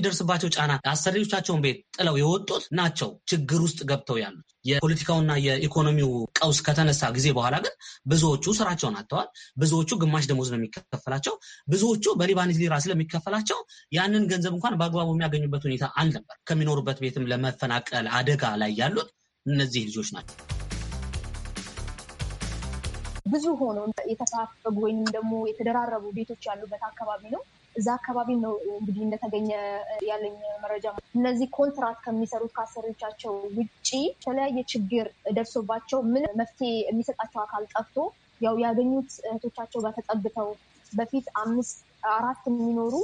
በሚደርስባቸው ጫና አሰሪዎቻቸውን ቤት ጥለው የወጡት ናቸው ችግር ውስጥ ገብተው ያሉት። የፖለቲካውና የኢኮኖሚው ቀውስ ከተነሳ ጊዜ በኋላ ግን ብዙዎቹ ስራቸውን አጥተዋል። ብዙዎቹ ግማሽ ደሞዝ ነው የሚከፈላቸው። ብዙዎቹ በሊባኒዝ ሊራ ስለሚከፈላቸው ያንን ገንዘብ እንኳን በአግባቡ የሚያገኙበት ሁኔታ አልነበር። ከሚኖሩበት ቤትም ለመፈናቀል አደጋ ላይ ያሉት እነዚህ ልጆች ናቸው። ብዙ ሆኖ የተፋፈጉ ወይም ደግሞ የተደራረቡ ቤቶች ያሉበት አካባቢ ነው። እዛ አካባቢ ነው እንግዲህ እንደተገኘ ያለኝ መረጃ። እነዚህ ኮንትራት ከሚሰሩት ከአሰሪዎቻቸው ውጭ የተለያየ ችግር ደርሶባቸው ምን መፍትሄ የሚሰጣቸው አካል ጠፍቶ ያው ያገኙት እህቶቻቸው ጋር ተጠግተው በፊት አምስት አራት የሚኖሩ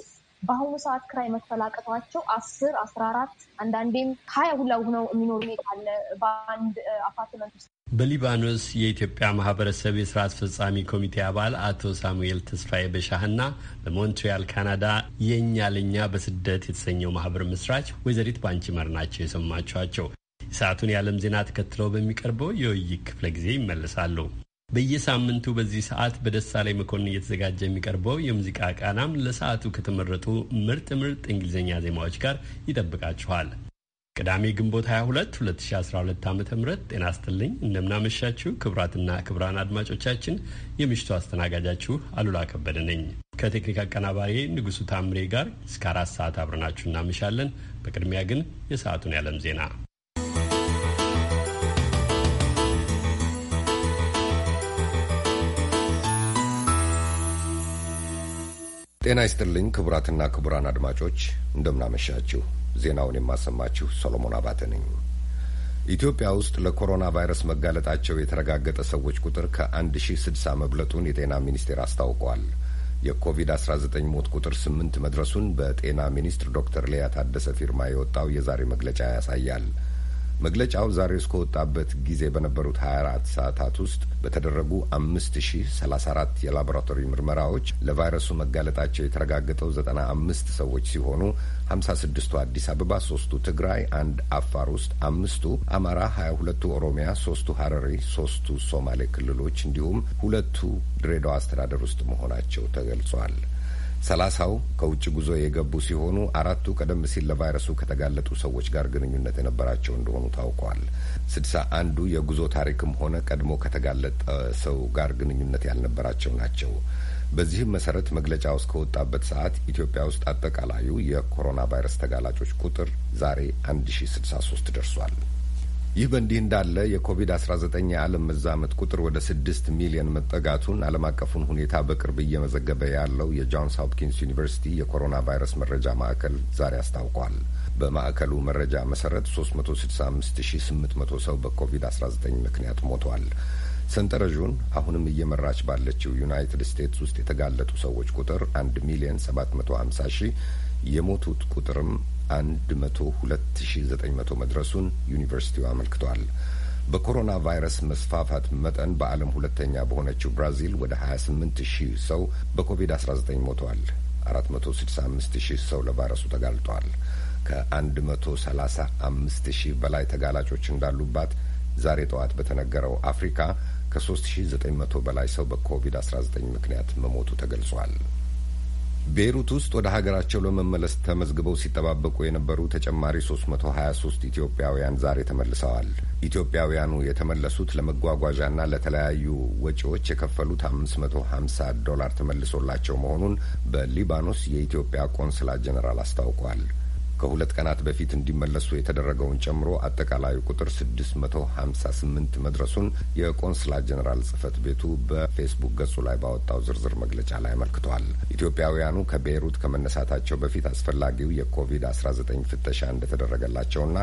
በአሁኑ ሰዓት ክራይ መክፈል አቅቷቸው አስር አስራ አራት አንዳንዴም ሀያ ሁላ ሆነው የሚኖሩ ሁኔታ አለ በአንድ አፓርትመንት ውስጥ በሊባኖስ የኢትዮጵያ ማህበረሰብ የስራ አስፈጻሚ ኮሚቴ አባል አቶ ሳሙኤል ተስፋዬ በሻህና በሞንትሪያል ካናዳ የእኛ ለኛ በስደት የተሰኘው ማህበር መስራች ወይዘሪት ባንቺ መር ናቸው የሰማችኋቸው። የሰዓቱን የዓለም ዜና ተከትለው በሚቀርበው የውይይት ክፍለ ጊዜ ይመለሳሉ። በየሳምንቱ በዚህ ሰዓት ላይ መኮንን እየተዘጋጀ የሚቀርበው የሙዚቃ ቃናም ለሰዓቱ ከተመረጡ ምርጥ ምርጥ እንግሊዝኛ ዜማዎች ጋር ይጠብቃችኋል። ቅዳሜ ግንቦት 22 2012 ዓ ም ጤና ስትልኝ እንደምናመሻችሁ ክብራትና ክብራን አድማጮቻችን የምሽቱ አስተናጋጃችሁ አሉላ ከበደ ነኝ። ከቴክኒክ አቀናባሪ ንጉሱ ታምሬ ጋር እስከ አራት ሰዓት አብረናችሁ እናመሻለን። በቅድሚያ ግን የሰዓቱን ያለም ዜና ጤና ይስጥልኝ። ክቡራትና ክቡራን አድማጮች እንደምናመሻችሁ ዜናውን የማሰማችሁ ሰሎሞን አባተ ነኝ። ኢትዮጵያ ውስጥ ለኮሮና ቫይረስ መጋለጣቸው የተረጋገጠ ሰዎች ቁጥር ከ1060 መብለጡን የጤና ሚኒስቴር አስታውቋል። የኮቪድ-19 ሞት ቁጥር ስምንት መድረሱን በጤና ሚኒስትር ዶክተር ሊያ ታደሰ ፊርማ የወጣው የዛሬ መግለጫ ያሳያል። መግለጫው ዛሬ እስከወጣበት ጊዜ በነበሩት 24 ሰዓታት ውስጥ በተደረጉ 5034 የላቦራቶሪ ምርመራዎች ለቫይረሱ መጋለጣቸው የተረጋገጠው 95 ሰዎች ሲሆኑ 56ቱ አዲስ አበባ፣ ሶስቱ ትግራይ፣ አንድ አፋር ውስጥ፣ አምስቱ አማራ፣ 22ቱ ኦሮሚያ፣ ሶስቱ ሀረሪ፣ ሶስቱ ሶማሌ ክልሎች እንዲሁም ሁለቱ ድሬዳዋ አስተዳደር ውስጥ መሆናቸው ተገልጿል። ሰላሳው ከውጭ ጉዞ የገቡ ሲሆኑ አራቱ ቀደም ሲል ለቫይረሱ ከተጋለጡ ሰዎች ጋር ግንኙነት የነበራቸው እንደሆኑ ታውቋል። ስድሳ አንዱ የጉዞ ታሪክም ሆነ ቀድሞ ከተጋለጠ ሰው ጋር ግንኙነት ያልነበራቸው ናቸው። በዚህም መሰረት መግለጫው እስከወጣበት ሰዓት ኢትዮጵያ ውስጥ አጠቃላዩ የኮሮና ቫይረስ ተጋላጮች ቁጥር ዛሬ አንድ ሺ ስድሳ ሶስት ደርሷል። ይህ በእንዲህ እንዳለ የኮቪድ-19 የዓለም መዛመት ቁጥር ወደ ስድስት ሚሊዮን መጠጋቱን ዓለም አቀፉን ሁኔታ በቅርብ እየመዘገበ ያለው የጆንስ ሆፕኪንስ ዩኒቨርሲቲ የኮሮና ቫይረስ መረጃ ማዕከል ዛሬ አስታውቋል። በማዕከሉ መረጃ መሰረት 365800 ሰው በኮቪድ-19 ምክንያት ሞቷል። ሰንጠረዡን አሁንም እየመራች ባለችው ዩናይትድ ስቴትስ ውስጥ የተጋለጡ ሰዎች ቁጥር 1 ሚሊዮን 750 ሺህ የሞቱት ቁጥርም አንድ መቶ መቶ መድረሱን ዩኒቨርሲቲው አመልክቷል። በኮሮና ቫይረስ መስፋፋት መጠን በዓለም ሁለተኛ በሆነችው ብራዚል ወደ 28 ሺህ ሰው በኮቪድ-19 ሞተዋል። 465000 ሰው ለቫይረሱ ተጋልጧል። ከ135000 ሺህ በላይ ተጋላጮች እንዳሉባት ዛሬ ጠዋት በተነገረው አፍሪካ ከ3900 በላይ ሰው በኮቪድ-19 ምክንያት መሞቱ ተገልጿል። ቤይሩት ውስጥ ወደ ሀገራቸው ለመመለስ ተመዝግበው ሲጠባበቁ የነበሩ ተጨማሪ 323 ኢትዮጵያውያን ዛሬ ተመልሰዋል። ኢትዮጵያውያኑ የተመለሱት ለመጓጓዣና ለተለያዩ ወጪዎች የከፈሉት 550 ዶላር ተመልሶላቸው መሆኑን በሊባኖስ የኢትዮጵያ ቆንስላ ጀኔራል አስታውቋል። ከሁለት ቀናት በፊት እንዲመለሱ የተደረገውን ጨምሮ አጠቃላዩ ቁጥር 658 መድረሱን የቆንስላ ጀኔራል ጽህፈት ቤቱ በፌስቡክ ገጹ ላይ ባወጣው ዝርዝር መግለጫ ላይ አመልክቷል። ኢትዮጵያውያኑ ከቤይሩት ከመነሳታቸው በፊት አስፈላጊው የኮቪድ-19 ፍተሻ እንደተደረገላቸውና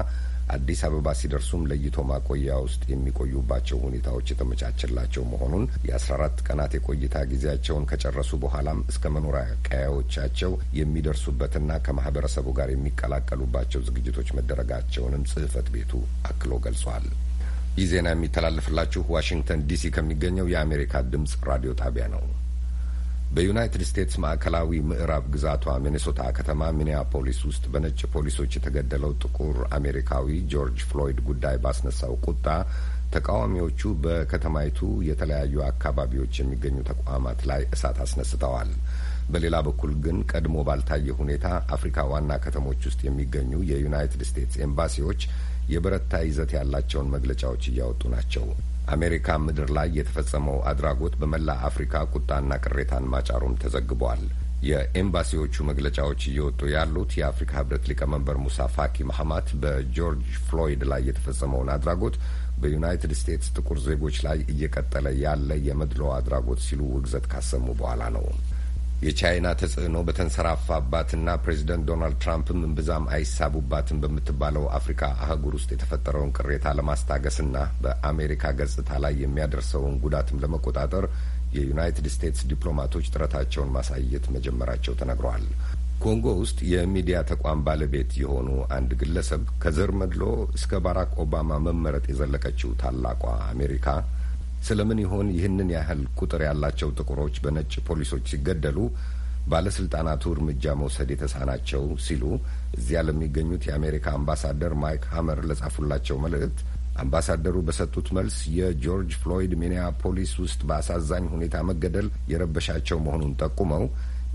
አዲስ አበባ ሲደርሱም ለይቶ ማቆያ ውስጥ የሚቆዩባቸው ሁኔታዎች የተመቻቸላቸው መሆኑን የ14 ቀናት የቆይታ ጊዜያቸውን ከጨረሱ በኋላም እስከ መኖሪያ ቀያዎቻቸው የሚደርሱበትና ከማህበረሰቡ ጋር የሚቀላቀሉባቸው ዝግጅቶች መደረጋቸውንም ጽህፈት ቤቱ አክሎ ገልጿል። ይህ ዜና የሚተላለፍላችሁ ዋሽንግተን ዲሲ ከሚገኘው የአሜሪካ ድምጽ ራዲዮ ጣቢያ ነው። በዩናይትድ ስቴትስ ማዕከላዊ ምዕራብ ግዛቷ ሚኔሶታ ከተማ ሚኒያፖሊስ ውስጥ በነጭ ፖሊሶች የተገደለው ጥቁር አሜሪካዊ ጆርጅ ፍሎይድ ጉዳይ ባስነሳው ቁጣ ተቃዋሚዎቹ በከተማይቱ የተለያዩ አካባቢዎች የሚገኙ ተቋማት ላይ እሳት አስነስተዋል። በሌላ በኩል ግን ቀድሞ ባልታየ ሁኔታ አፍሪካ ዋና ከተሞች ውስጥ የሚገኙ የዩናይትድ ስቴትስ ኤምባሲዎች የበረታ ይዘት ያላቸውን መግለጫዎች እያወጡ ናቸው። አሜሪካ ምድር ላይ የተፈጸመው አድራጎት በመላ አፍሪካ ቁጣና ቅሬታን ማጫሩም ተዘግቧል። የኤምባሲዎቹ መግለጫዎች እየወጡ ያሉት የአፍሪካ ህብረት ሊቀመንበር ሙሳ ፋኪ መሐማት በጆርጅ ፍሎይድ ላይ የተፈጸመውን አድራጎት በዩናይትድ ስቴትስ ጥቁር ዜጎች ላይ እየቀጠለ ያለ የመድሎ አድራጎት ሲሉ ውግዘት ካሰሙ በኋላ ነው። የቻይና ተጽዕኖ በተንሰራፋባትና ፕሬዚደንት ዶናልድ ትራምፕም እምብዛም አይሳቡባትም በምትባለው አፍሪካ አህጉር ውስጥ የተፈጠረውን ቅሬታ ለማስታገስና በአሜሪካ ገጽታ ላይ የሚያደርሰውን ጉዳትም ለመቆጣጠር የዩናይትድ ስቴትስ ዲፕሎማቶች ጥረታቸውን ማሳየት መጀመራቸው ተነግረዋል። ኮንጎ ውስጥ የሚዲያ ተቋም ባለቤት የሆኑ አንድ ግለሰብ ከዘር መድሎ እስከ ባራክ ኦባማ መመረጥ የዘለቀችው ታላቋ አሜሪካ ስለምን ይሆን ይህንን ያህል ቁጥር ያላቸው ጥቁሮች በነጭ ፖሊሶች ሲገደሉ ባለስልጣናቱ እርምጃ መውሰድ የተሳናቸው ሲሉ እዚያ ለሚገኙት የአሜሪካ አምባሳደር ማይክ ሀመር ለጻፉላቸው መልእክት አምባሳደሩ በሰጡት መልስ የጆርጅ ፍሎይድ ሚኒያፖሊስ ውስጥ በአሳዛኝ ሁኔታ መገደል የረበሻቸው መሆኑን ጠቁመው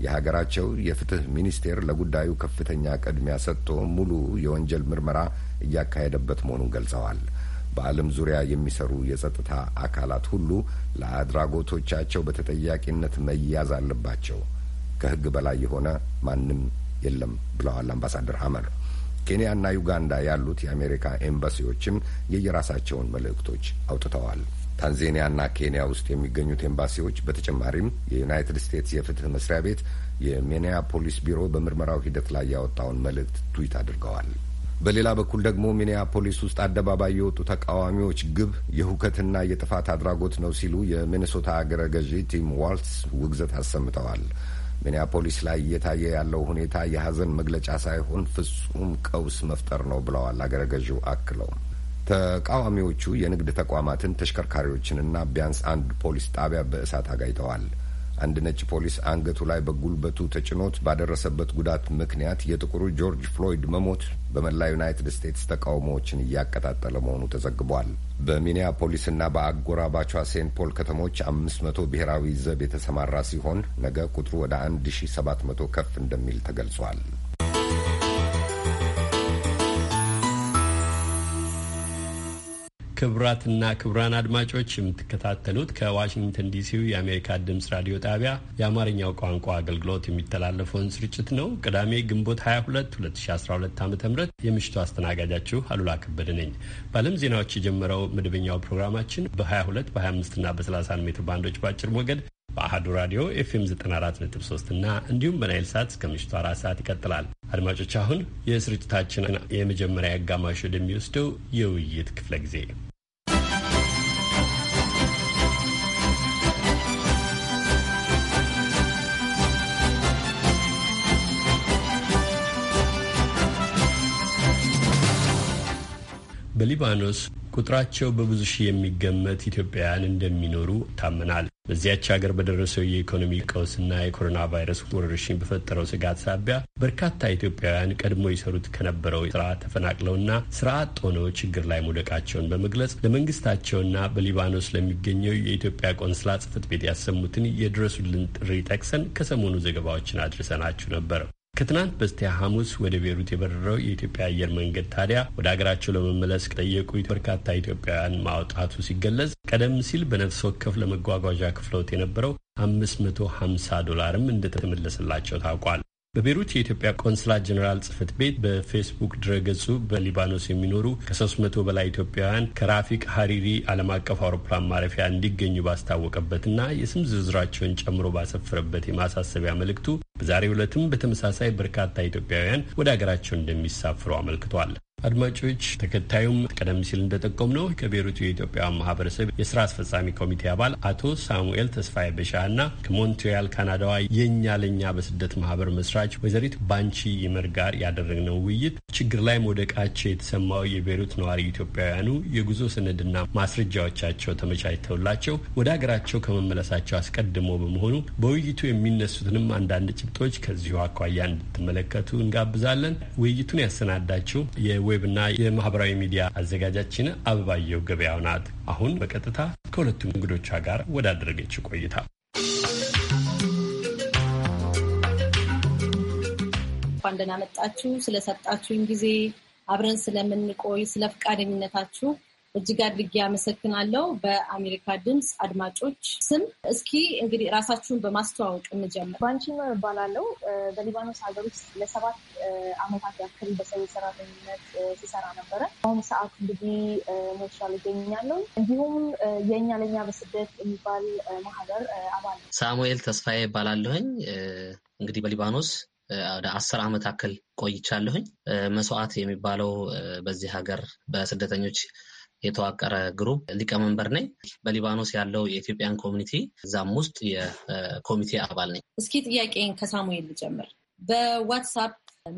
የሀገራቸው የፍትህ ሚኒስቴር ለጉዳዩ ከፍተኛ ቅድሚያ ሰጥቶ ሙሉ የወንጀል ምርመራ እያካሄደበት መሆኑን ገልጸዋል። በዓለም ዙሪያ የሚሰሩ የጸጥታ አካላት ሁሉ ለአድራጎቶቻቸው በተጠያቂነት መያዝ አለባቸው፣ ከህግ በላይ የሆነ ማንም የለም ብለዋል አምባሳደር ሀመር። ኬንያና ዩጋንዳ ያሉት የአሜሪካ ኤምባሲዎችም የየራሳቸውን መልእክቶች አውጥተዋል። ታንዜኒያና ኬንያ ውስጥ የሚገኙት ኤምባሲዎች በተጨማሪም የዩናይትድ ስቴትስ የፍትህ መስሪያ ቤት የሚኒያፖሊስ ቢሮ በምርመራው ሂደት ላይ ያወጣውን መልእክት ትዊት አድርገዋል። በሌላ በኩል ደግሞ ሚኒያፖሊስ ውስጥ አደባባይ የወጡ ተቃዋሚዎች ግብ የሁከትና የጥፋት አድራጎት ነው ሲሉ የሚኒሶታ አገረ ገዢ ቲም ዋልትስ ውግዘት አሰምተዋል። ሚኒያፖሊስ ላይ እየታየ ያለው ሁኔታ የሀዘን መግለጫ ሳይሆን ፍጹም ቀውስ መፍጠር ነው ብለዋል አገረ ገዢው አክለው። ተቃዋሚዎቹ የንግድ ተቋማትን፣ ተሽከርካሪዎችንና ቢያንስ አንድ ፖሊስ ጣቢያ በእሳት አጋይተዋል። አንድ ነጭ ፖሊስ አንገቱ ላይ በጉልበቱ ተጭኖት ባደረሰበት ጉዳት ምክንያት የጥቁሩ ጆርጅ ፍሎይድ መሞት በመላ ዩናይትድ ስቴትስ ተቃውሞዎችን እያቀጣጠለ መሆኑ ተዘግቧል። በሚኒያፖሊስና በአጎራባቿ ሴንት ፖል ከተሞች አምስት መቶ ብሔራዊ ዘብ የተሰማራ ሲሆን ነገ ቁጥሩ ወደ አንድ ሺ ሰባት መቶ ከፍ እንደሚል ተገልጿል። ክብራትና ክብራን አድማጮች የምትከታተሉት ከዋሽንግተን ዲሲው የአሜሪካ ድምጽ ራዲዮ ጣቢያ የአማርኛው ቋንቋ አገልግሎት የሚተላለፈውን ስርጭት ነው። ቅዳሜ ግንቦት 22 2012 ዓ ም የምሽቱ አስተናጋጃችሁ አሉላ ከበደ ነኝ። በዓለም ዜናዎች የጀመረው መደበኛው ፕሮግራማችን በ22 በ25ና በ31 ሜትር ባንዶች በአጭር ሞገድ በአህዱ ራዲዮ ኤፍኤም 943 እና እንዲሁም በናይል ሰዓት እስከ ምሽቱ አራት ሰዓት ይቀጥላል። አድማጮች አሁን የስርጭታችን የመጀመሪያ አጋማሽ ወደሚወስደው የውይይት ክፍለ ጊዜ በሊባኖስ ቁጥራቸው በብዙ ሺህ የሚገመት ኢትዮጵያውያን እንደሚኖሩ ታምናል። በዚያች ሀገር በደረሰው የኢኮኖሚ ቀውስና የኮሮና ቫይረስ ወረርሽኝ በፈጠረው ስጋት ሳቢያ በርካታ ኢትዮጵያውያን ቀድሞ ይሰሩት ከነበረው ስራ ተፈናቅለውና ስራ አጥ ሆነው ችግር ላይ መውደቃቸውን በመግለጽ ለመንግስታቸውና በሊባኖስ ለሚገኘው የኢትዮጵያ ቆንስላ ጽፈት ቤት ያሰሙትን የድረሱልን ጥሪ ጠቅሰን ከሰሞኑ ዘገባዎችን አድርሰናችሁ ነበር። ከትናንት በስቲያ ሐሙስ ወደ ቤሩት የበረረው የኢትዮጵያ አየር መንገድ ታዲያ ወደ አገራቸው ለመመለስ ከጠየቁ በርካታ ኢትዮጵያውያን ማውጣቱ ሲገለጽ ቀደም ሲል በነፍስ ወከፍ ለመጓጓዣ ክፍሎት የነበረው 550 ዶላርም እንደተመለሰላቸው ታውቋል። በቤሩት የኢትዮጵያ ቆንስላ ጀኔራል ጽህፈት ቤት በፌስቡክ ድረገጹ በሊባኖስ የሚኖሩ ከ300 በላይ ኢትዮጵያውያን ከራፊቅ ሀሪሪ ዓለም አቀፍ አውሮፕላን ማረፊያ እንዲገኙ ባስታወቀበትና የስም ዝርዝራቸውን ጨምሮ ባሰፈረበት የማሳሰቢያ መልእክቱ በዛሬው ዕለትም በተመሳሳይ በርካታ ኢትዮጵያውያን ወደ አገራቸው እንደሚሳፍሩ አመልክቷል። አድማጮች ተከታዩም ቀደም ሲል እንደጠቆም ነው ከቤሩቱ የኢትዮጵያ ማህበረሰብ የስራ አስፈጻሚ ኮሚቴ አባል አቶ ሳሙኤል ተስፋዬ በሻ እና ከሞንትሪያል ካናዳዋ የእኛ ለእኛ በስደት ማህበር መስራች ወይዘሪት ባንቺ ይመር ጋር ያደረግነው ውይይት ችግር ላይ መውደቃቸው የተሰማው የቤሩት ነዋሪ ኢትዮጵያውያኑ የጉዞ ሰነድና ማስረጃዎቻቸው ተመቻችተውላቸው ወደ ሀገራቸው ከመመለሳቸው አስቀድሞ በመሆኑ በውይይቱ የሚነሱትንም አንዳንድ ጭብጦች ከዚሁ አኳያ እንድትመለከቱ እንጋብዛለን። ውይይቱን ያሰናዳችው የዌብና የማህበራዊ ሚዲያ አዘጋጃችን አበባየው ገበያው ናት። አሁን በቀጥታ ከሁለቱም እንግዶቿ ጋር ወዳደረገችው ቆይታ እንኳን ደህና መጣችሁ። ጊዜ አብረን ስለምንቆይ ስለ ፈቃደኝነታችሁ እጅግ አድርጌ አመሰግናለሁ። በአሜሪካ ድምፅ አድማጮች ስም እስኪ እንግዲህ ራሳችሁን በማስተዋወቅ እንጀምር። ባንቺኖ እባላለሁ። በሊባኖስ ሀገር ውስጥ ለሰባት አመታት ያክል በሰው ሰራተኝነት ሲሰራ ነበረ። በአሁኑ ሰዓት እንግዲህ ሞሻል ይገኛለሁ። እንዲሁም የእኛ ለእኛ በስደት የሚባል ማህበር አባል። ሳሙኤል ተስፋዬ እባላለሁኝ። እንግዲህ በሊባኖስ ወደ አስር ዓመት አክል ቆይቻለሁኝ። መስዋዕት የሚባለው በዚህ ሀገር በስደተኞች የተዋቀረ ግሩፕ ሊቀመንበር ነኝ። በሊባኖስ ያለው የኢትዮጵያን ኮሚኒቲ እዛም ውስጥ የኮሚቴ አባል ነኝ። እስኪ ጥያቄን ከሳሙኤል ልጀምር። በዋትሳፕ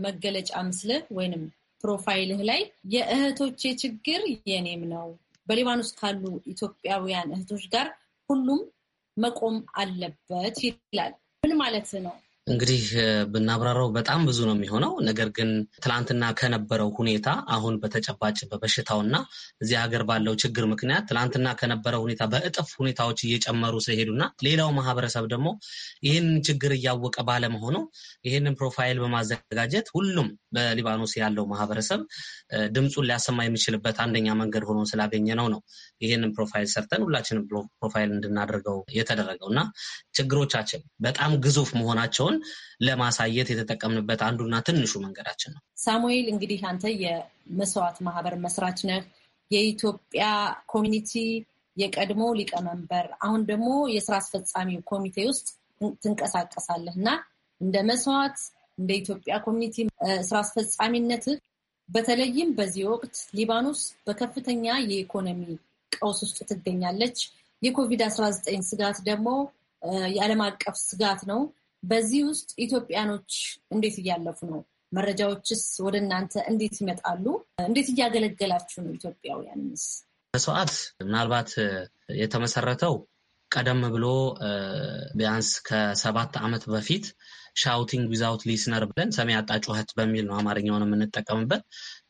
መገለጫ ምስልህ ወይንም ፕሮፋይልህ ላይ የእህቶቼ ችግር የኔም ነው፣ በሊባኖስ ካሉ ኢትዮጵያውያን እህቶች ጋር ሁሉም መቆም አለበት ይላል። ምን ማለት ነው? እንግዲህ ብናብራራው በጣም ብዙ ነው የሚሆነው። ነገር ግን ትላንትና ከነበረው ሁኔታ አሁን በተጨባጭ እና እዚህ ሀገር ባለው ችግር ምክንያት ትላንትና ከነበረው ሁኔታ በእጥፍ ሁኔታዎች እየጨመሩ ሲሄዱና ሌላው ማህበረሰብ ደግሞ ይህንን ችግር እያወቀ ባለመሆኑ ይህንን ፕሮፋይል በማዘጋጀት ሁሉም በሊባኖስ ያለው ማህበረሰብ ድምፁን ሊያሰማ የሚችልበት አንደኛ መንገድ ሆኖ ስላገኘ ነው ነው ይህንን ፕሮፋይል ሰርተን ሁላችንም ፕሮፋይል እንድናደርገው የተደረገው እና ችግሮቻችን በጣም ግዙፍ መሆናቸውን መሆኑን ለማሳየት የተጠቀምንበት አንዱና ትንሹ መንገዳችን ነው። ሳሙኤል እንግዲህ አንተ የመስዋዕት ማህበር መስራች ነህ። የኢትዮጵያ ኮሚኒቲ የቀድሞ ሊቀመንበር አሁን ደግሞ የስራ አስፈጻሚ ኮሚቴ ውስጥ ትንቀሳቀሳለህ እና እንደ መስዋዕት እንደ ኢትዮጵያ ኮሚኒቲ ስራ አስፈጻሚነት በተለይም በዚህ ወቅት ሊባኖስ በከፍተኛ የኢኮኖሚ ቀውስ ውስጥ ትገኛለች። የኮቪድ-19 ስጋት ደግሞ የዓለም አቀፍ ስጋት ነው። በዚህ ውስጥ ኢትዮጵያኖች እንዴት እያለፉ ነው? መረጃዎችስ ወደ እናንተ እንዴት ይመጣሉ? እንዴት እያገለገላችሁ ነው? ኢትዮጵያውያንስ መስዋዕት ምናልባት የተመሰረተው ቀደም ብሎ ቢያንስ ከሰባት ዓመት በፊት ሻውቲንግ ዊዛውት ሊስነር ብለን ሰሚ አጣ ጩኸት በሚል ነው አማርኛውን የምንጠቀምበት